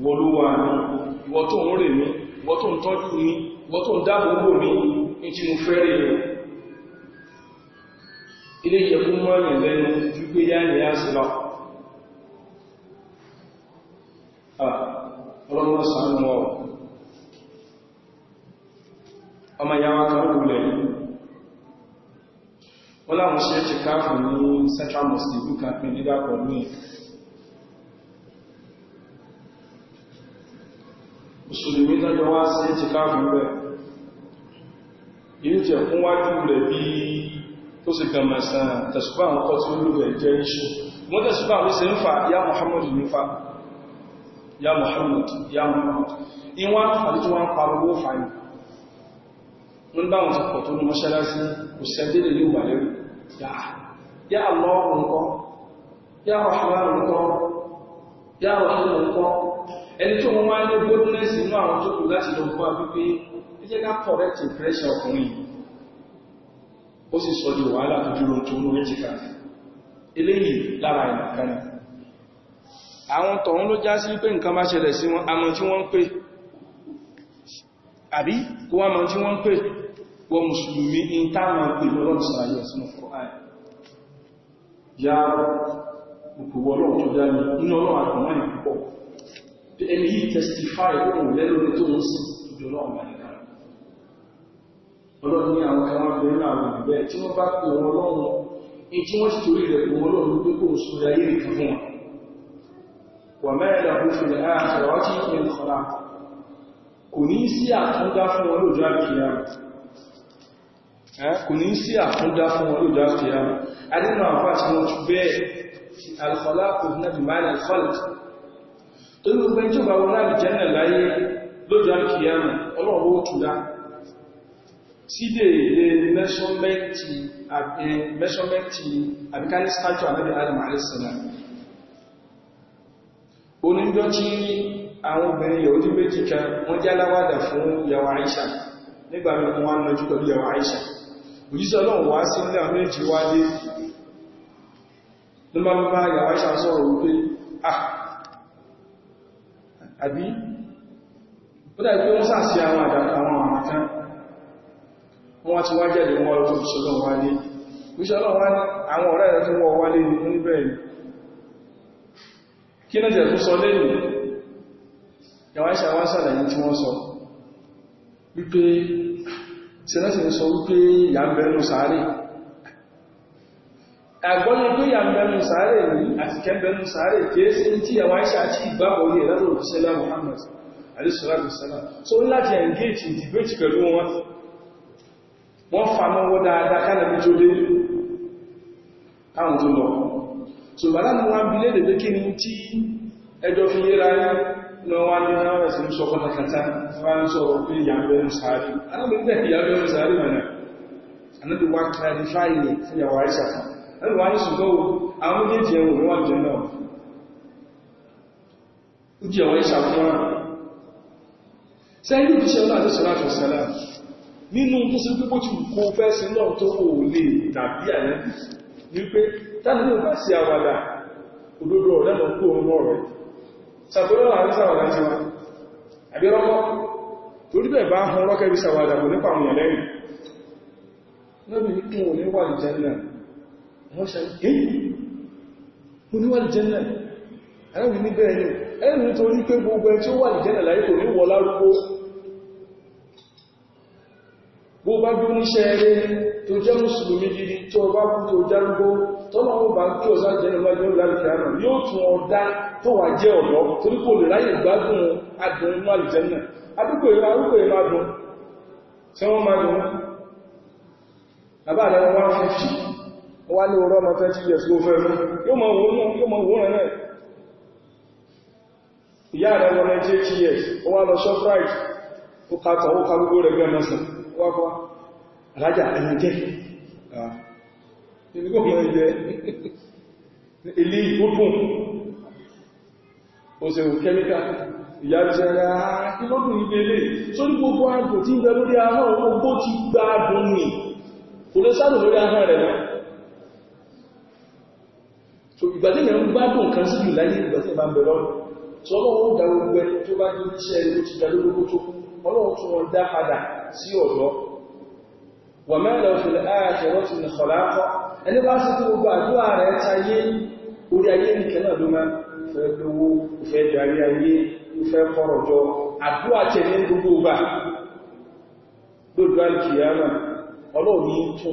wọlúwà mi ìwọ tó ń rè mí ìwọ tó ń tọ́jú mi ìwọ tó ń dáàbòbò mi ní tí mo fẹ́ rè rẹ̀ ilé ìyẹ̀kún mọ́rin lẹ́nu ju pé yá ní àṣìlá ọlọ́run ọmọ kan mùsùlùmí lọ́jọ́ wá sí ti káàkùn rẹ̀ yìí jẹ́ fún wájú rẹ̀ bí tó sì gàmà sàn tẹ̀sùbá ń kọ́ tí ó lúwẹ̀ jẹ́ iṣu wọ́n tẹ̀sùbá ló sì ń fa ya muhammadu ní fa ya muhammadu ya muhammadu ìwọ́n àti wọ́n pariwo fàyí wọ́n bá wọn tàkọ̀ tó ní mọ́ṣálásí kò sẹ́dẹ̀lẹ̀ ní ìwàlẹ́rù ya allah nǹkan ya rahman nǹkan ya rahim nǹkan ẹni tí wọ́n máa ní boldness inú àwọn tó kù láti lọ gbọ́ wípé ẹ jẹ́ ká correct impression ọkùnrin ó sì sọ di wàhálà tó dúró tó mú ẹjìká eléyìí lára ìlàkánì àwọn tọ̀hún ló já sí pé nǹkan bá ṣẹlẹ̀ sí wọn àmọ́ tí wọ́n ń pè àbí kó wá mọ̀ tí wọ́n ń pè wọ mùsùlùmí in táàmà pè lọ́rọ̀ sàáyé sínú fọ́nà ẹni yìí testify lóhun lẹ́nu ní tó ń sí ìjọlọ́ ọ̀gbàlẹ̀ká ọlọ́run ní àwọn kan wọ́n bẹ̀rẹ̀ àwọn ìgbẹ́ tí wọ́n bá pè wọn lọ́run ní tí wọ́n sì torí rẹ̀ pè wọn lọ́run pé kò sọ ayé nìkan fún wọn wà mẹ́rin lọ́pọ̀ fún ẹ̀ àtọ̀rọ̀ tí tí wọ́n torí gbogbo ẹjọ́ bá wọn láàrín jẹ́nà láyé lójú àkíyàmù ọlọ́wọ́ òtúlá tí dè lè mẹ́ṣọ́mẹ́ntì àbíkáyí stájú àmẹ́bẹ̀ adam alẹ́sẹ̀lá oníjọ́ tí àwọn obìnrin yàwó méjì kan wọ́n jẹ́ aláwádà fún yàwó àìṣà nígbà mẹ́kún wá lọ́jú pẹ̀lú yàwó àìṣà òjíṣẹ́ ọlọ́run ah àbí ó dá ìpé wọ́n sàsí àwọn àwọn àmàkán wọ́n ti wá jẹ́lẹ̀ wọ́n lọ́tọ́ ìṣẹ́lọ́ wálé ìṣẹ́lọ́ wálé àwọn ọ̀rẹ́ rẹ̀ tó wọ́n wálé ní oníbẹ̀rẹ̀ kí ní jẹ̀ tó sọ lẹ́yìn ẹ̀gbọ́nú tó yà mẹ́nu sàárè rí àti kẹ́bẹ̀nu sàárè kéèsí tí yà wáyé àti ìgbàgbọ́ ní ẹ̀lẹ́rọ òṣèlá Muhammad alisulatusala so láti engage in debate pẹ̀lú wọn wọ́n famọ́wọ́ dáadáa kánàbí tó dé káwọn tó lọ so bàlá ni wọ́n bí léde pé kí ni tí ẹjọ́ fi yéra ní wọ́n ní wọ́n sì ń sọ fọ́nà kàtà wọ́n ń sọ̀rọ̀ pé ìyàmbẹ̀nu sàárè alábẹ̀ẹ́gbẹ̀ ìyàmbẹ̀nu sàárè mẹ́rin anábẹ̀wà clarify ní fún yàwó àìsàfà ẹlùwà ní ṣùgbọ́wò àwọn méjì ẹwò ní wọ́n jẹ náà ó jẹ wọ́n ìṣàfihàn sẹ́yìn ìdíṣẹ́ náà nínú tó sí pípọ́ tí kò fẹ́ sí náà tó ò lè àyẹ́ wípé tánàlú àwàdà òdodo kó rẹ̀ torí bẹ̀ bá hàn rọ́kẹ́ kò nípa àwọn ẹ̀lẹ́rìn lọ́bí wà ní wọ́n ṣe èyí oníwàlì jẹ́nà ẹ̀rùn ní bẹ́ẹ̀ ni ẹ̀rùn nítorí pé gbogbo ẹ̀ tí ó wà ní jẹ́nà láyé kò ní wọ lárúgbó bó bá bí oníṣẹ́ eré tó jẹ́ mùsùlùmí gidi tó bá kú tó járúgbó tọ́nà ó bá kí ọ̀sá jẹ́ níwájú lálùkìánà yóò tún ọ̀dá tó wà jẹ́ ọ̀dọ́ torí kò lè láyé gbádùn máa dùn bàbá àdáwọn 150 wá ní orọ́ ma 30 years ló fẹ́ mú yóò ma wọ́n náà yóò ma wọ́n náà ìyá rẹ̀ wọ́n 98 years ó wá lọ shoprite ó kàtà ó ká gbogbo rẹ̀ gẹ́ mẹ́sàn wákọ́ alájà ẹ̀yìn jẹ́ ìlú kò mọ́ ìjẹ́ ilé ìgbókùn ó se kẹ́míkà ìyá jẹ́ ara kí lọ́dún ibi ilé sórí gbogbo àgbò tí ń bẹ lórí ahọ́n ogbó ti gbá ní kò lè sáàdùn lórí ahọ́n rẹ̀ náà ìgbàdínà ń gbádùn kan sí jù láyé ìgbàdínà bá ń bẹ̀rọ tí ọlọ́run dá gbogbo ẹni tó bá ní iṣẹ́ ẹni tó ti dá lógógó tó ọlọ́run tó wọn dá padà sí ọ̀dọ́ wà mẹ́lẹ̀ òfin ààrẹ ti ní kọ̀lákọ́ ẹni bá sì tó gbogbo àdúrà rẹ̀ tayé orí ayé nìkan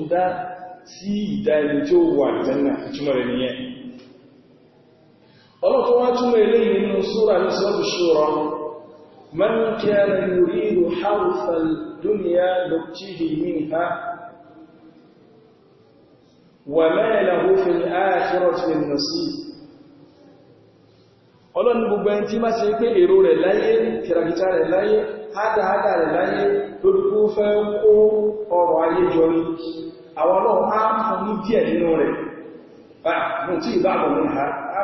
náà sí ìdá ẹni tí ó wà ìjẹ́nà ìtumọ̀ rẹ̀ nìyẹn ọlọ́run tó wá túnmọ̀ eléyìí nínú súra ní sọ́dù ṣúra man kana yuridu harfa dunya nuktihi minha wa ma lahu fil akhirati min nasib ọlọ́run gbogbo ẹni tí má ṣe pé èrò rẹ̀ láyé kìràkìtà rẹ̀ láyé hádàhádà rẹ̀ láyé lórúkú fẹ́ kó ọrọ̀ ayé jọ ní àwọn ọlọ́run á fún ní díẹ̀ nínú rẹ̀ ah, bá mú tí ìbá àbọ̀mọ́ ha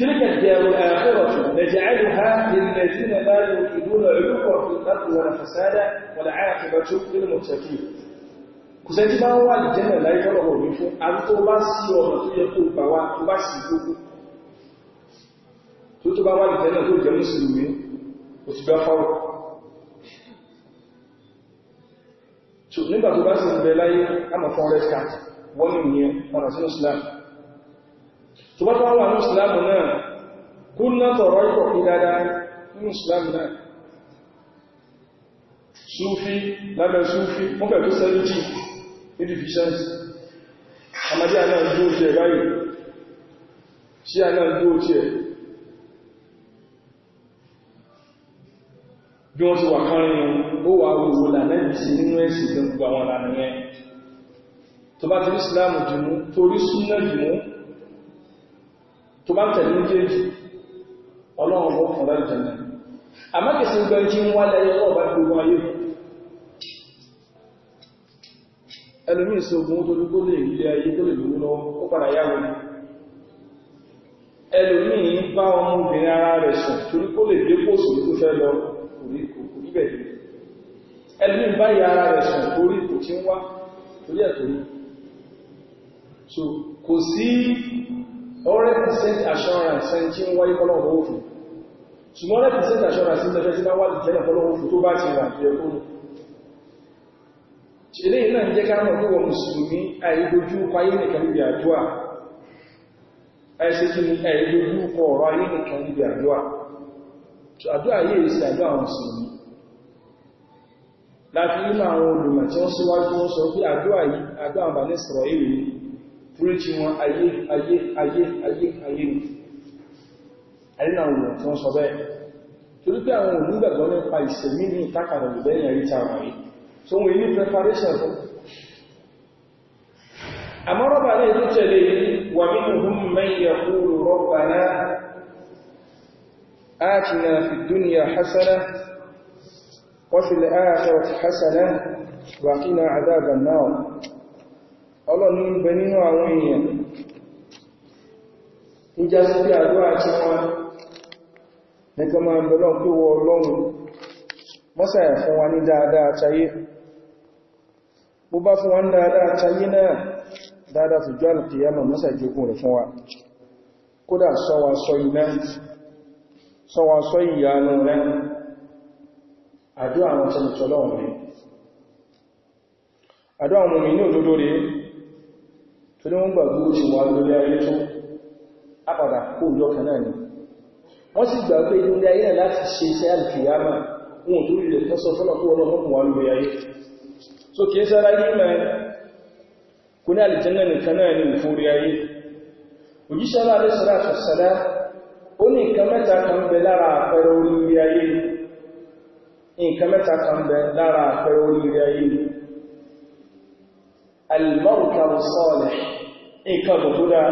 تلك الدار الآخرة نجعلها للذين لا يريدون علوا في الأرض ولا فسادا والعاقبة للمتقين kùsẹ́tí bá wà ìjẹ́nà láìjọ́rọ̀ òní fún àwọn tó bá sí ọ̀nà tó yẹ kó bá wá tó bá sí gbogbo tó tó bá wà ìjẹ́nà tó jẹ́ mùsùlùmí ò ti bá fáwọ̀ ṣùgbọ́n tó bá tó wà ní ìsìlámù náà kú náà tọ̀rọ ìpọ̀ pé dáadáa ní ìsìlámù náà súfí lábẹ́ súfí wọ́n pẹ̀ tó sẹ́lẹ́jì níbi fìṣẹ́nsì àmàdíà náà dúó ti ẹ̀ báyìí sí à náà dúó ti ẹ̀ bí wọ́n ti wà kárin ó wà gbogbo lànẹ́bì sí nínú ẹ̀sìn tó gbogbo àwọn lànà tó bá ti ní ìsìlámù jùmú torí súnà jùmú tó bá tẹ̀lé méjèèjì ọlọ́run bọ́ fún láti àmọ́kẹsí gbẹ́ jí ń wá lẹ́yẹ lọ́wọ́ gbogbo ayé ẹlòmí ìṣògùn tó dúgbó lè ilé ayé tó lè lówó lọ́wọ́ ó padà bá ara rẹ̀ sùn kó lè dé pòsò tó fẹ́ lọ kò hundred percent assurance tí ń wáyé kọ́lọ́wọ́ òfin ṣùgbọ́n hundred percent assurance ń tẹ́fẹ́ tí bá wà jẹ́ kọ́lọ́wọ́ òfin tó bá ti rà jẹ́ kúrò ilé iná jẹ́ ká mọ̀ púpọ̀ mùsùlùmí àìdójú kwayé nìkan níbi àdúwà ẹ̀ṣẹ́ kí ni àìdójú kọ ọ̀rọ̀ ayé nìkan níbi àdúwà àdúwà yìí èsì àdúwà mùsùlùmí láti nínú àwọn olùmọ̀ tí wọ́n síwájú wọ́n sọ pé àdúwà yìí àdúwà bà ní sọ̀rọ̀ èrè bíríkì wọn ayé ayé ayé ayé ayé àrínàwò tí wọ́n sọ bẹ́ẹ̀ torí pé àwọn onígbàgbọ́ nípa ìsẹ̀mí ní ìtàkàrà lùbẹ́yìn àríta wọ̀nyí tó wọ́n ní preparation fún àmọ́rọ́bà lè tó tẹ̀lé wà minhum man yaqulu ọlọ́ni ń bẹ nínú àwọn èèyàn ń já sí pé àdúrà tí wọ́n nìkan máa bẹ̀lọ́ pé wọ ọlọ́run mọ́sàyà fún wa ní dáadáa tayé bó bá fún wa ní dáadáa tayé náà dáadáa fi jọ alùkìyàmà mọ́sàjógún rẹ̀ fún wa kódà sọwa sọ iná sọ rẹ̀ àdúrà àwọn òdòdó tó ní wọ́n gbàgbé ó ti wà lórí ayé tó ápàdà kó lọ́kàn náà ni wọ́n sì gbàgbé lórí ayé náà láti ṣe iṣẹ́ alìkìyàmà wọn tó rí rẹ̀ tán sọ fọ́nà kó ọlọ́mọ́kùn wà lórí ayé so kìí sára yí mẹ́rin kò ní àlìjẹ́nà nìkan náà ní ìfúrí ayé òjíṣẹ́ aláàrẹ sọ́rọ̀ àtọ̀sẹ̀lá ó ní nǹkan mẹ́ta kan bẹ lára àpẹẹrẹ orí ayé nǹkan mẹ́ta kan bẹ lára àpẹẹrẹ orí ayé المركب الصالح nǹkan ọ̀dọ̀ tó dáa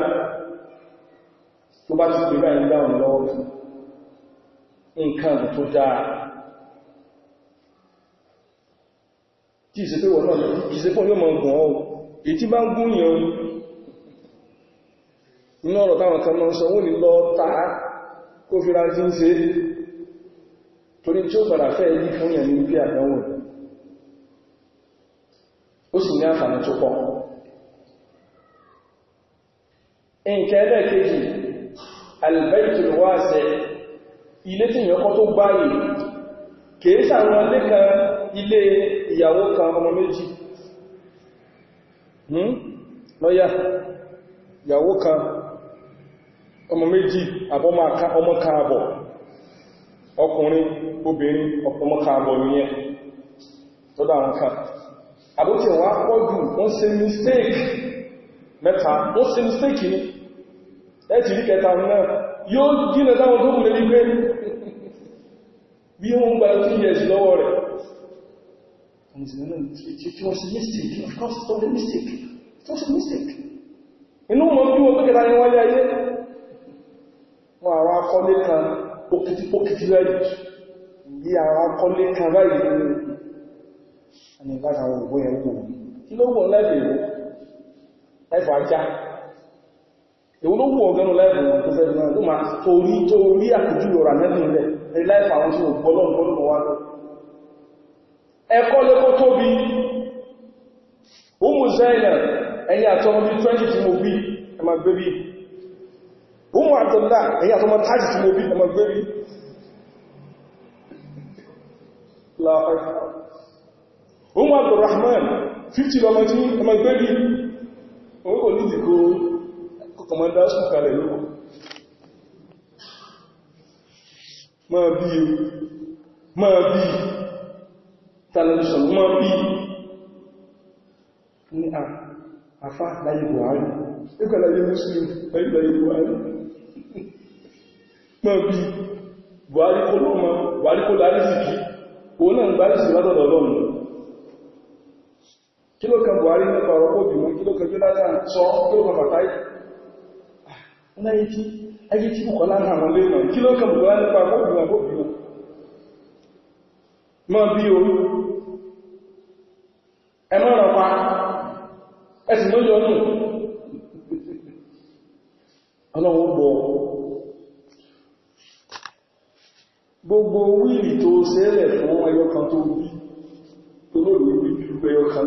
tó bá ti pè báyìí dáhùn lọ́wọ́ fún nǹkan ọ̀dọ̀ tó dáa tí ìsẹ́pẹ́ wọ̀ náà ìsẹ́pọ̀ yóò mọ̀ gùn ọ́ èyí tí bá ń gún yàn iná ọ̀rọ̀ ó sì ní àǹfààní tó pọ̀ nǹkan ẹlẹ́ẹ̀kejì albaitul wasi ilé tí ìyànkọ́ tó gbáyè kìí sàwọn ilé kan ilé ìyàwó kan ọmọ méjì hmm? lọ́yà ìyàwó kan ọmọ méjì ọmọ kaàbọ̀ ọkùnrin obìnrin ọmọ àbótí ẹ̀wà pọ̀jù wọ́n ṣe mistake mẹ́ta wọ́n ṣe mistake ní ẹ̀tì rí kẹta náà yóò gínà láwọn tó kùnlẹ̀ wípé bí wọ́n gba 3 years lọ́wọ́ rẹ̀ inú mọ̀ bí wọ́n pẹ́kẹta ní wáyé ayé wọ́n àwọn akọ́lé kan pókìtì pókìtì rẹ̀ bí àwọn akọ́lé kan báyìí ẹni látàrí òwò ẹ̀wò kí ló wọ̀ lẹ́bẹ̀ẹ́ ẹ̀fọ́ ajá èwo ló wù ọ̀gẹ́nu lẹ́bẹ̀ẹ́ tó fẹ́ lọ́nà tó máa torí tó rí àpèjú ọ̀rà nẹ́bìn rẹ̀ ẹ̀rí láìfà àwọn tí ó gbọ́lọ́n gbọ́lọ́n wá lọ ẹ̀kọ́ lẹ́kọ́ tóbi Umu Zainab ẹ̀yà tọmọ bí 20 tí mo bí ẹmà gbébí Umu Abdullah ẹ̀yà tọmọ 30 tí mo bí ẹmà gbébí láàpẹ́ ohun abdulrahman 50 lọmọ tí ọmọ ìgbẹ́rí orí kò ní ìdìkò kọmọdá ṣùkàlẹ̀ lókò máa bí máa bí tàlẹ̀lẹ́sọ̀n máa bí ní ah, àfá láyé buhari ìkọ̀láyé muslim láyé buhari máa bí buhari kó lọ́mọ buhari kó lárí sí kí ka buhari nípa ọ̀rọ̀pọ̀ obìnrin kí ka kan jonathan sọ kí ló kan fàtàí ọ̀nàyí ah, tí ayé buhari nípa ọ̀rọ̀pọ̀ obìnrin mọ́ bí lójú ọdún ọlọ́run bọ̀ gbogbo wíìlì tó fún ẹyọ kan tó tó lóòrùn ẹyọ kan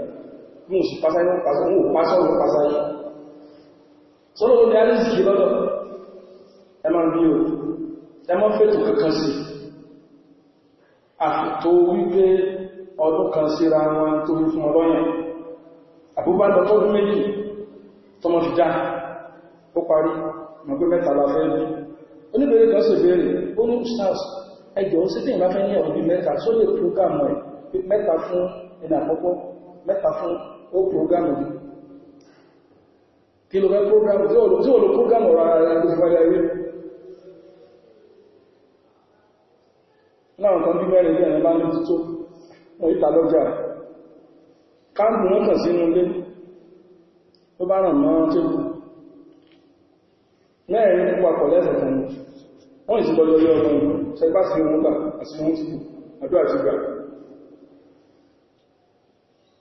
ní òṣì pásáyé wọ́n pásáyé wọ́n pásáyé wọ́n pásáyé sọ́lọ́ ní àríṣìí lọ́dọ̀ ẹ máa bí o ẹ máa fẹ́ tó kankan sí àfẹ́tò wípé ọdún kan síra wọn tó ní fún ọlọ́yìn àbúbá lọ tó gún méjì tọmọ fi dá ó parí mọ̀ pé mẹ́ta la fẹ́ bí oníbèrè kan sì béèrè ó ní stars ẹjọ́ ó sì tí ìbá fẹ́ ní ọdún mẹ́ta só lè program rẹ̀ mẹ́ta fún ẹni àkọ́kọ́ mẹ́ta fún ó prógámù ní kí ló fẹ́ tí ó lò prógámù ọ̀rọ̀ ara rẹ̀ lóṣù wáyé ayé láwọn kan bí mẹ́rin bí ẹ̀yẹn bá ní tító wọ́n yíta lọ́jà káàkùn wọn kàn sínú ilé ó bá ràn mẹ́rin wọ́n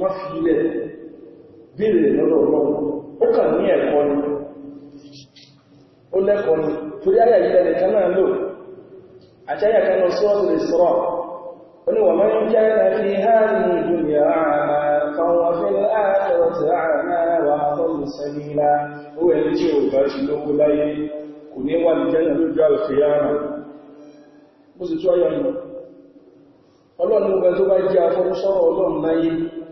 wọ́n fi ilẹ̀ bèèrè lọ́dọ̀ ọlọ́run ó kà ní ẹ̀kọ́ ni ó lẹ́kọ́ ni torí ayà ìlẹ̀ nìkan náà lò àti ayà kan lọ sọ́ọ̀tù lè sọ́rọ̀ ó ha wà máa ń jẹ́ ẹ̀rọ fi hàrùn ìdúnyà fáwọn fi ọlọ́run tó bá jẹ́ ọlọ́run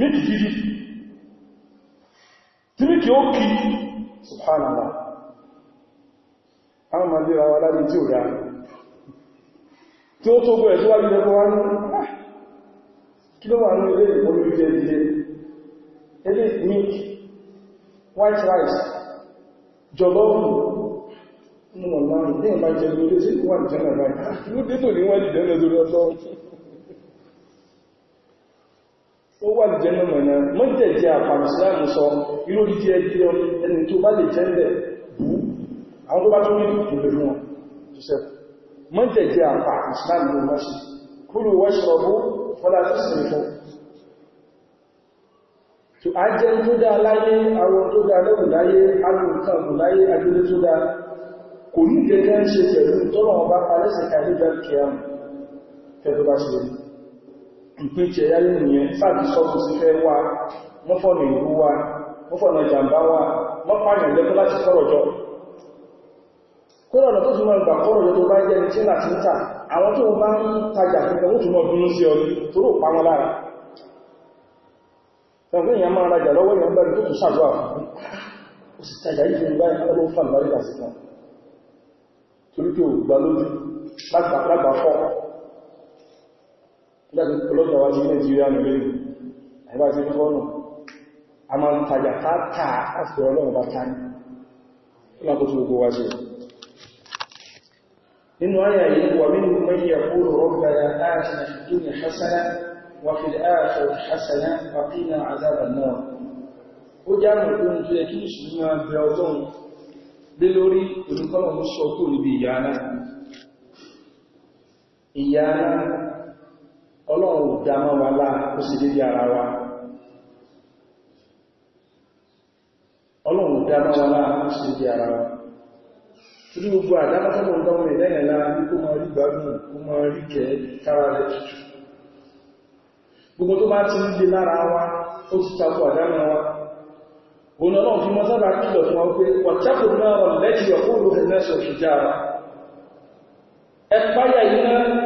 níbi gidi tí kí ó kí subhanallah àwọn láti tí ó dá tí ó tó ah, kí ló wà ní ilé ìdílé ilé white rice wà ní ah, jẹ́ ó wà lè jẹ́nà mọ̀nà mọ́jẹ̀jẹ́ àpàmìsìláàmù sọ irú jíjẹ́ ẹgbẹ́ ẹni tó bá lè jẹ́ndẹ̀ bú àwọn tó bá tún ní ìlú wọn joseph mọ́jẹ̀jẹ́ àpàmìsìláàmù ló máṣe kúrò wọ́ṣọ́bú fọ́lá tó sì fún tó a jẹ́ tó dá láyé àwọn tó dá lẹ́gùn láyé alùkàgùn láyé adúlé tó dá kò ní kẹ́kẹ́ ń ṣe pẹ̀lú tọ́lọ̀ ọba palẹ́sẹ̀ kàdé ìpéjì ẹ̀yà lẹ́nu yẹn sáàbì sọ́tún sí fẹ́ wá wọ́n fọ́nà ìlú wá wọ́n fọ́nà ìjàmbá wá wọ́n pààyàn lẹ́kọ́ láti sọ́rọ̀ jọ kódọ̀nà tó túnmọ̀ ìgbà kọ́rọ̀ jọ tó bá jẹ́ ní tíńlà tí ń tà àwọn tó bá ń tajà kankan ó túnmọ̀ bínú sí ọdún tó rò pa wọn lára tàbí èèyàn máa rajà lọ́wọ́ èèyàn bẹ̀rẹ̀ tó tún fún ó lọ́dọ̀ wá sí nàìjíríà ní lórí àìbá sí fọ́nà a máa ń tajà káàkà àti ọlọ́run bá ká ní lákòótò gbogbo wá sí nínú ayà yìí wà nínú mẹ́yà kúrò rọ́gbà ya áàtìna ìdúnà hasana wà fi áàtò hasana wà fi na àzába náà ó já mọ̀ pé ń jẹ́ kí ìṣù ní abẹ́ ọjọ́ lé lórí olùkọ́nà mú sọ kúrò ìyá náà ọlọ́run ìdá a wà láà ó sì dédé ara wa ọlọ́run ìdá máa wà láà ó sì dédé ara wa torí gbogbo àdámátọ́mọ̀ ọdọ́mọ ìdẹ́yẹ̀ láà ní kó máa rí kó máa rí kẹ́ kára rẹ̀ gbogbo tó bá ti lára ọ náà ọ̀pọ̀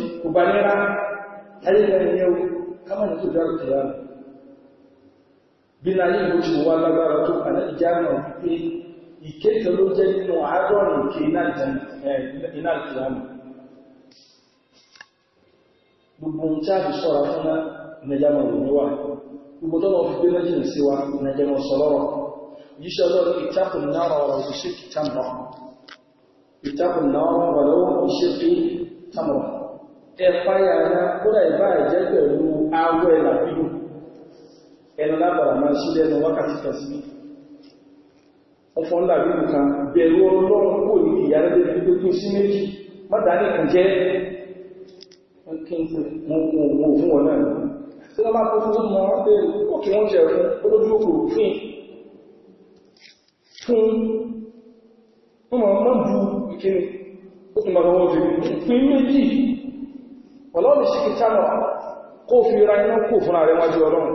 kubalera ayẹyẹ yẹwò kama ní tóbi àti tẹyà lọ bí náà yìí lóṣù wà lágbára tó àná ìjà náà wípé ìkéde ló jẹ nínú àádọ́rin òkè iná ìtẹyà lọ gbogbo ohun tí a fi sọra fún náà ìnàjà máa wò ní wa gbogbo tó lọ fi gbé ẹ̀fáyà ara kódà ìbá ẹ̀jẹ́ pẹ̀lú awọ ẹ̀là bílù ẹnu lábàrà máa ṣí lẹ́nu wákàtí kan sí ọfọ́ ńlá bílù kan bẹ̀rù ọlọ́run kò ní ìyárẹ́lẹ́ bí tó tún sí méjì mọ́dá ní kan jẹ́ wọ́n kí ń mú òfin wọn náà tí wọ́n bá kó fún ọmọ wọn pé ọmọ ọmọ bu ó tún máa rọwọ́ fi fún méjì ọlọ́run sí kí tánà kó fi ra iná kò fún ààrẹ wájú ọlọ́run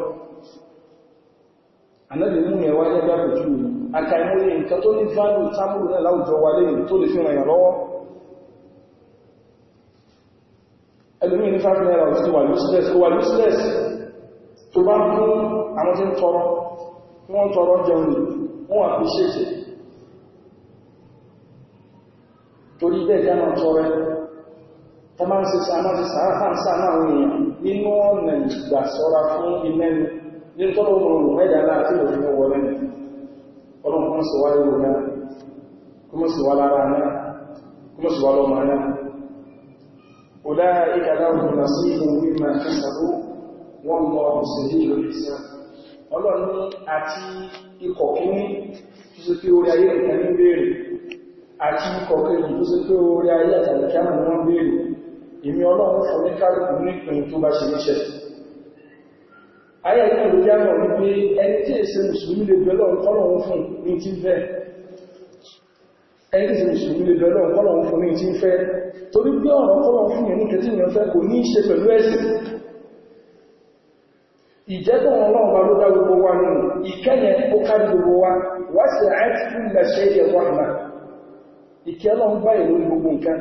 anábì mú ẹwà jẹ́gbà pẹ̀jú àkàìmọ́lé nǹkan tó ní fánù tábùrù náà láwùjọ wa lẹ́yìn tó lè fi ràn yàn lọ́wọ́ ẹlùmí ní fáfí náírà òtítù wà useless ó tọ́mọ ṣe sàánà ṣe sàánà sàánà àwọn èèyàn nínú ọ̀nà ìgbà sọ́ra fún iná ni nínú tọ́lọ ọmọ ẹ̀dà náà tí òfin wọ lẹ́nu ọlọ́run kan sì wá lórí náà kúmọ̀ sì wá lára náà kúmọ̀ sì wá lọ́mọ náà ọ̀dá ìdàláwò nà sí ìwé máa kẹsàbó wọ́n mọ òṣèlú lórí sí èmi ọlọ́run fún ní kálùkù nípin tó bá ṣe níṣẹ́ ayé ìpín ló jámọ̀ wípé ẹni tí èsẹ mùsùlùmí lè bẹ̀lọ́ ọkọ́lọ̀run fún ní tí ń fẹ́ ẹni tí èsẹ mùsùlùmí lè bẹ̀lọ́ ọkọ́lọ̀run fún ní tí ń fẹ́ torí pé ọ̀rọ̀ ọkọ́lọ̀run fún ní kẹtí ìyàn fẹ́ bá ló wa nínú ìkẹ́yẹ ó kárí wa wá sí àìsí ìlẹ̀ ṣe ìyẹ̀wọ̀ gbogbo nǹkan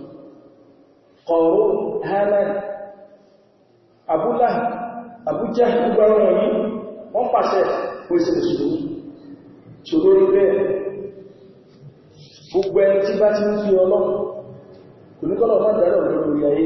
قارون هامان أبو لهب أبو جهل باروني wọ́n pàṣẹ kó ìsẹ̀ ìṣòro ṣòro rí bẹ́ẹ̀ gbogbo ẹni tí bá ti ń fi ọlọ́run kò ní kọ́lọ̀ ọ̀rọ̀ lórí ayé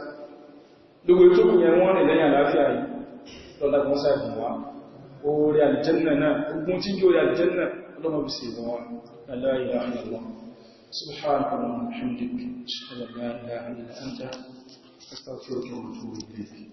gbogbo tó kù wọ́n rìn lẹ́yìn àláfíà yìí lọ́lágbọ́n sáàkùn wá orí aljanna náà ogun tí yóò rí aljanna ọlọ́mọ̀bí